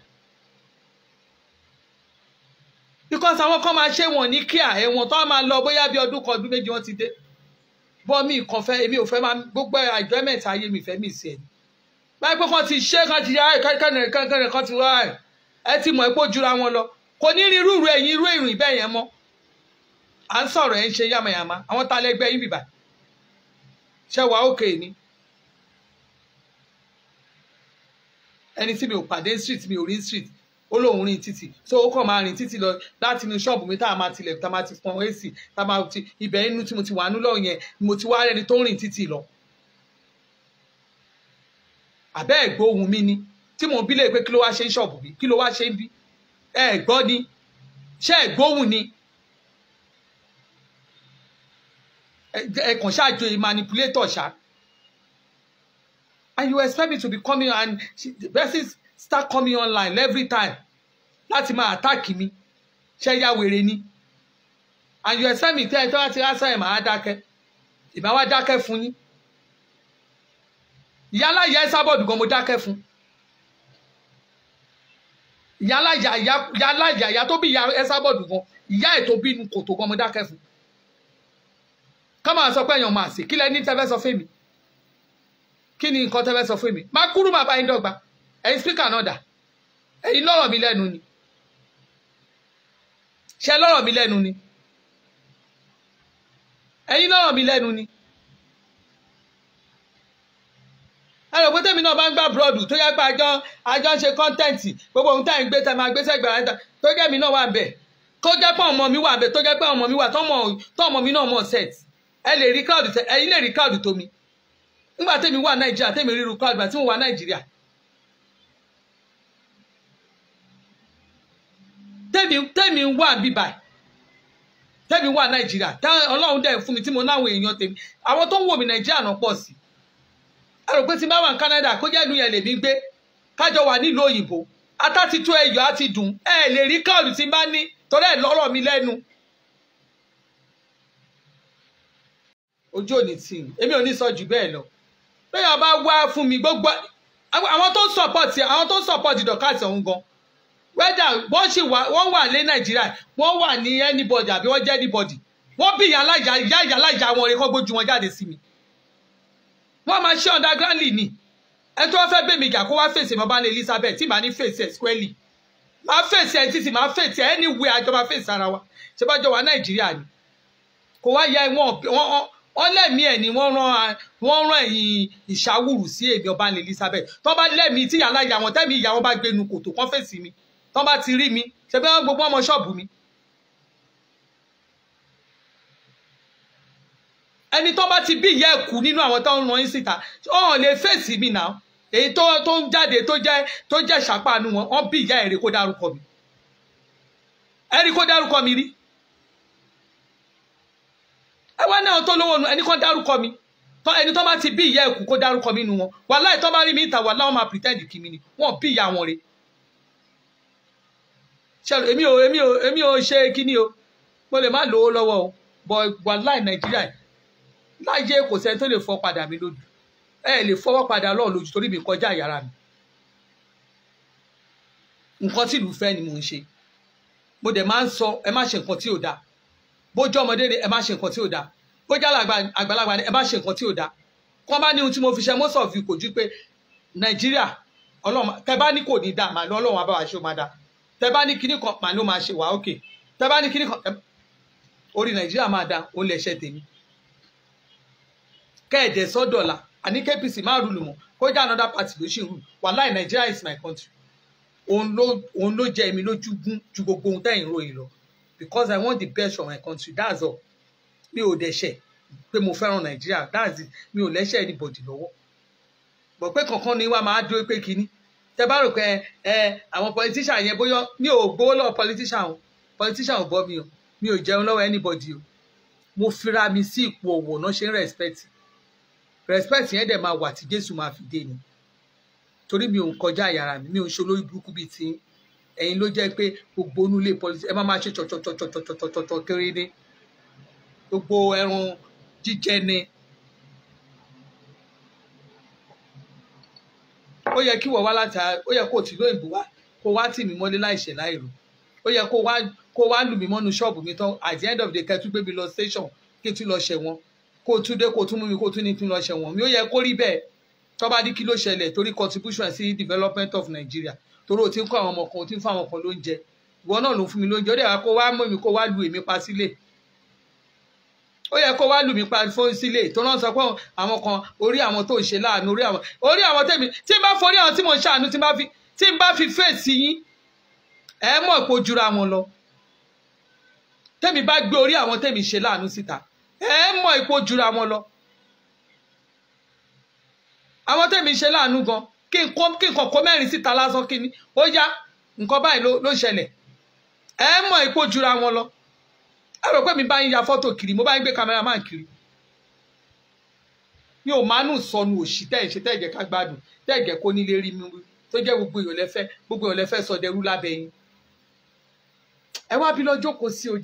because àwọn kan máa ṣe wọn ní kíá ẹ̀wọ̀n tó máa lọ bóyá bí ọdún kan ọdún méjì wọ́n ti dé bọ́ mi kàn fẹ́ èmi ò fẹ́ máa gbogbo enjoyment ayé mi fẹ́ mi sí ẹ̀ báyìí pé kàn ti ṣe kàn ti yá kẹ́nìrẹ́ kẹ́nìrẹ́ kàn ti wá ẹ̀ ẹ ti mọ̀ epo jura wọn lọ kò ní rí irú ẹ̀yìn irú ìrìn bẹ́ẹ̀ yẹn mọ́ à ń sọ̀rọ̀ ẹ̀ ń ṣe yàmàyàmà àwọn ta lẹ́gbẹ́ yín bìbà ṣe wà ókè ni ẹni tí mi ò pàdé street mi ò rí street ó lóun rìn títì so ó kàn máa rìn títì lọ láti inú ṣọ́ọ̀bù mi tá a máa tilẹ̀ tá a máa ti pọn ac tá a máa ti ibẹ̀ inú tí mo ti wà nú lọ́ọ̀ yẹn mo ti wá rẹni tó ń rìn títì lọ. àbẹ́ ẹ̀gbóhùn mi ni tí mò ń bí lè pé kí ló wá ṣe ń ṣọ́ọ̀bù mi kí ló wá ṣe ń bí ẹ ni ṣé ẹ̀gbóhùn ni ẹ ṣáàjò manipulator ṣáà and you expect me to be coming and she, the person start coming online every time láti máa attack mi ṣe ya wèrè ni and you expect me tell me tó bá ti rásá ẹ̀ máa dákẹ́ ìbá wá dákẹ́ fún yín ìyálà ìyá Esabod gan mo dákẹ́ fún ìyálà ìyá ìyálà ìyá ìyá tó bí ìyá Esabod gan ìyá ẹ̀ tó bínú kòtò gan mo dákẹ́ fún ká máa sọ pé èèyàn máa sè kí lẹ ní tẹ́fẹ́ sọ fún mi kí ni nǹkan tẹ́fẹ́ sọ fún mi má kúrú màá yín dọ́gba ẹ̀yin spíkà náà dà ẹ̀yin lọ́rọ̀ mi lẹ́nu ni ṣe lọ́rọ̀ mi lẹ́nu ni ẹ̀yin lọ́rọ̀ mi lẹ́nu ni ẹ rò pé tèmi náà bá ń gbà búrọ́dù tó yẹ pé àjọ àjọ ń ṣe kọ́ńtẹ́ǹtì gbogbo ohun tá à ń gbé tá a máa gbé sẹ́gbẹ̀ẹ́ àyẹ̀ta tó jẹ́ mi náà wà bẹ̀ tó jẹ́ pé ọmọ mi wà bẹ̀ tó jẹ́ pé ọmọ mi wà tó ọmọ mi náà mọ̀ set ẹ lè rí crowd ẹ̀yin lè rí crowd tó mi nígbà tèmi wà nàìjíríà tèmi ríru crowd gbà tí mo wà nàìjíríà tèmi tèmi ń wà bíbà tèmi wà nàìjíríà ọlọ́run dẹ̀ fún mi tí mo náwọn èèyàn tèmi àwọn tó ń wò mí nàìjíríà náà pọ̀ sí ẹ rò pé tí bá wà ní Canada kó jẹ́ ìlú yẹn lèmi gbé kájọ wà nílùú òyìnbó ata ti tó ẹyọ àti dùn ẹ lè rí káàdù tí bá ní torí ẹ lọ́rọ̀ mi lẹ́nu. ojú òní tì í èmi ò ní sọ jù bẹ́ẹ̀ lọ bẹ́ẹ̀ bá wá fún mi gbogbo àwọn tó ń support àwọn tó ń support dọ̀kátì ọ̀hún gan-an wẹ́dà wọ́n sì wà wọ́n wà lé nàìjíríà wọ́n wà ní anybody àbí wọ́n jẹ́ anybody wọ́n bí ìyá aláìjà ìyá ìyá aláìjà wọn rẹ kọ́ gbójú wọn jáde sí mi wọ́n máa ṣe underground ni ẹ tó wá fẹ́ bèmí ìjà kó wá fèsì mọ́ bá ní Elizabeth tí màá ní fèsì ẹ̀ squarely màá fèsì ẹ̀ títì màá fèsì ẹ̀ anywhere àjọ máa fèsì ara wa ṣé bá jọ wà nàìjíríà ni kò wá ya wọn wọn lẹ́mìí ẹ̀ ni wọ́n rán wọ́n rán ẹ̀yìn ìṣàwùrù sí èmi ọba ní Elizabeth tó bá lẹ́mìí tí ìyá aláìjà wọn tẹ́mi ìyá wọn bá gbénu kòtò kọ́fẹ́sì mi tán bá ti rí mi ṣe bí wọ́n gbogbo ọmọ ṣọ́ọ̀bù mi. ẹni tó bá ti bí ìyá ẹ̀ kú nínú àwọn tó ń rán síta ọ̀hún lè fèsì mi náà èyí tó tó ń jáde tó jẹ́ tó jẹ́ ṣàpáànù wọn wọ́n bí ìyá ẹ̀ rí kó dárúkọ mi ẹ rí kó dárúkọ mi rí ẹ wá náà tó lówó nu ẹni kan dárúkọ mi tọ́ ẹni tó bá ti bí ìyá ẹ̀kú kó dárúkọ mi nu wọn wàláì tó bá rí mi ìta wàláì wọn máa pretend kí mi ni wọn bí ìyá wọn rèé ṣàlù èmi ò èmi ò èmi ò ṣe kíní o mo lè má lówó lọ́wọ́ o bọ̀ wà láì nàìjíríà láyé kò sẹ́ni tó le fọ́ pada mi lójú ẹ lè fọwọ́ padà lọ́ọ̀ lójú torí mi kọjá yàrá mi nkan tí ìlú fẹ́ ni mò ń ṣe mo de ma ń sọ ẹ má ṣe nǹkan tí ò dáa bójú ọmọdé ni ẹ má ṣe nǹkan tí ò dáa bójú àgbàlagbà ni ẹ ma ṣe nkan ti o da kọ́ bá ní ohun tí mo fi ṣe most of you kò ju pé nàìjíríà ọlọ́run tẹ bá ní kò ní dáa màá lọ ọlọ́run abáwá ṣe ó máa dáa tẹ bá ní kíní kan màá ló máa ṣe wà ókè tẹ bá ní kíní kan orí nàìjíríà máa da òun lè ṣe tèmi kẹ́ẹ̀dẹ̀ sọ́dọ̀la àní kpc máa rúlù mọ́ kódà another party ló ṣì rú wàláì nàìjíríà is my country òun ló òun ló jẹ èmi lójú gún ju gbogbo ohun tẹ́yìn ròyìn lọ because i want the best for my country that's all mi ò dẹ̀ṣẹ̀ pé mo fẹ́ràn nàìjíríà that's it mi ò lẹ́ṣẹ̀ anybody lọ́wọ́ But pé kankan ni wá máa dúró pé kinní tẹ bá rò pé ẹ àwọn politician yẹn bóyá mi ò gbowó lọ́wọ́ politician o politician ò bọ́ mi o mi ò jẹun lọ́wọ́ anybody o mo fira mi sí ipò ọ̀wọ̀ náà ṣe ń respect respect yẹn dẹ̀ máa wà tí Jésù máa fi dé ni torí mi ò ń kọjá àyàrá mi mi ò ń ṣe olórí burúkú bíi ti ẹ̀yin ló jẹ́ pé gbogbo onú ilé ẹ má máa ṣe tọ̀tọ̀tọ̀tọ̀tọ̀tọ̀ kiri ni gbogbo ẹran jíjẹ ni ó yẹ kí wọ́n wá láti ó yẹ kó tì lóyìnbó wá kó wá tì mí mọ́lé láìṣẹ̀ láìrò ó yẹ kó wá kó wá lù mí mọ́nu ṣọ́ọ̀bù mi tán at the end of the day kẹtù gbé mi lọ station kí tún lọ ṣẹ̀wọ̀n kó tún dé kó tún mú mi kó tún ní tún lọ ṣẹ̀wọ̀n mi ó yẹ kó rí bẹ́ẹ̀ tó dí kí ló ṣẹlẹ̀ torí contribution sí development of Nigeria torí o ti ń kó àwọn ọmọ kan o ti ń fún àwọn kan lóúnjẹ ìwọ náà ló ń fún mi lóúnjẹ ó dẹ̀ wá kó wá mọ̀ mi kó wá lu èmi pa sílé ó yẹ kó wá lù mí parí fún sílé tó náà sọ pé àwọn kan orí àwọn tó ń ṣe láàánú orí àwọn orí àwọn tèmi tí n bá forí àwọn tí mò ń ṣàánú tí n bá fi tí n bá fi fèsì yín ẹ mọ̀ pé jura wọn lọ tèmi bá gbé orí àwọn tèmi ṣe láàánú síta ẹ mọ̀ pé jura wọn lọ àwọn tèmi ṣe láàánú gan kí n kàn kó mẹ́rin síta lásán kí ni ó yá nǹkan báyìí ló ṣẹlẹ̀ ẹ mọ̀ pé jura wọn lọ ẹ rò pé mi bá yín ya fọ́tò kiri mo bá yín gbé cameraman kiri mi ò mánú sọnù òṣì tẹ́ ẹ̀ ṣe tẹ́ ẹ̀ jẹ́ ká gbádùn tẹ́ ẹ̀ jẹ́ kó nílé rí mi tó jẹ́ gbogbo èèyàn lẹ́fẹ́ gbogbo èèyàn lẹ́fẹ́ sọdẹrú lábẹ́ yín ẹ wá bí lọ́jọ́ kò sí o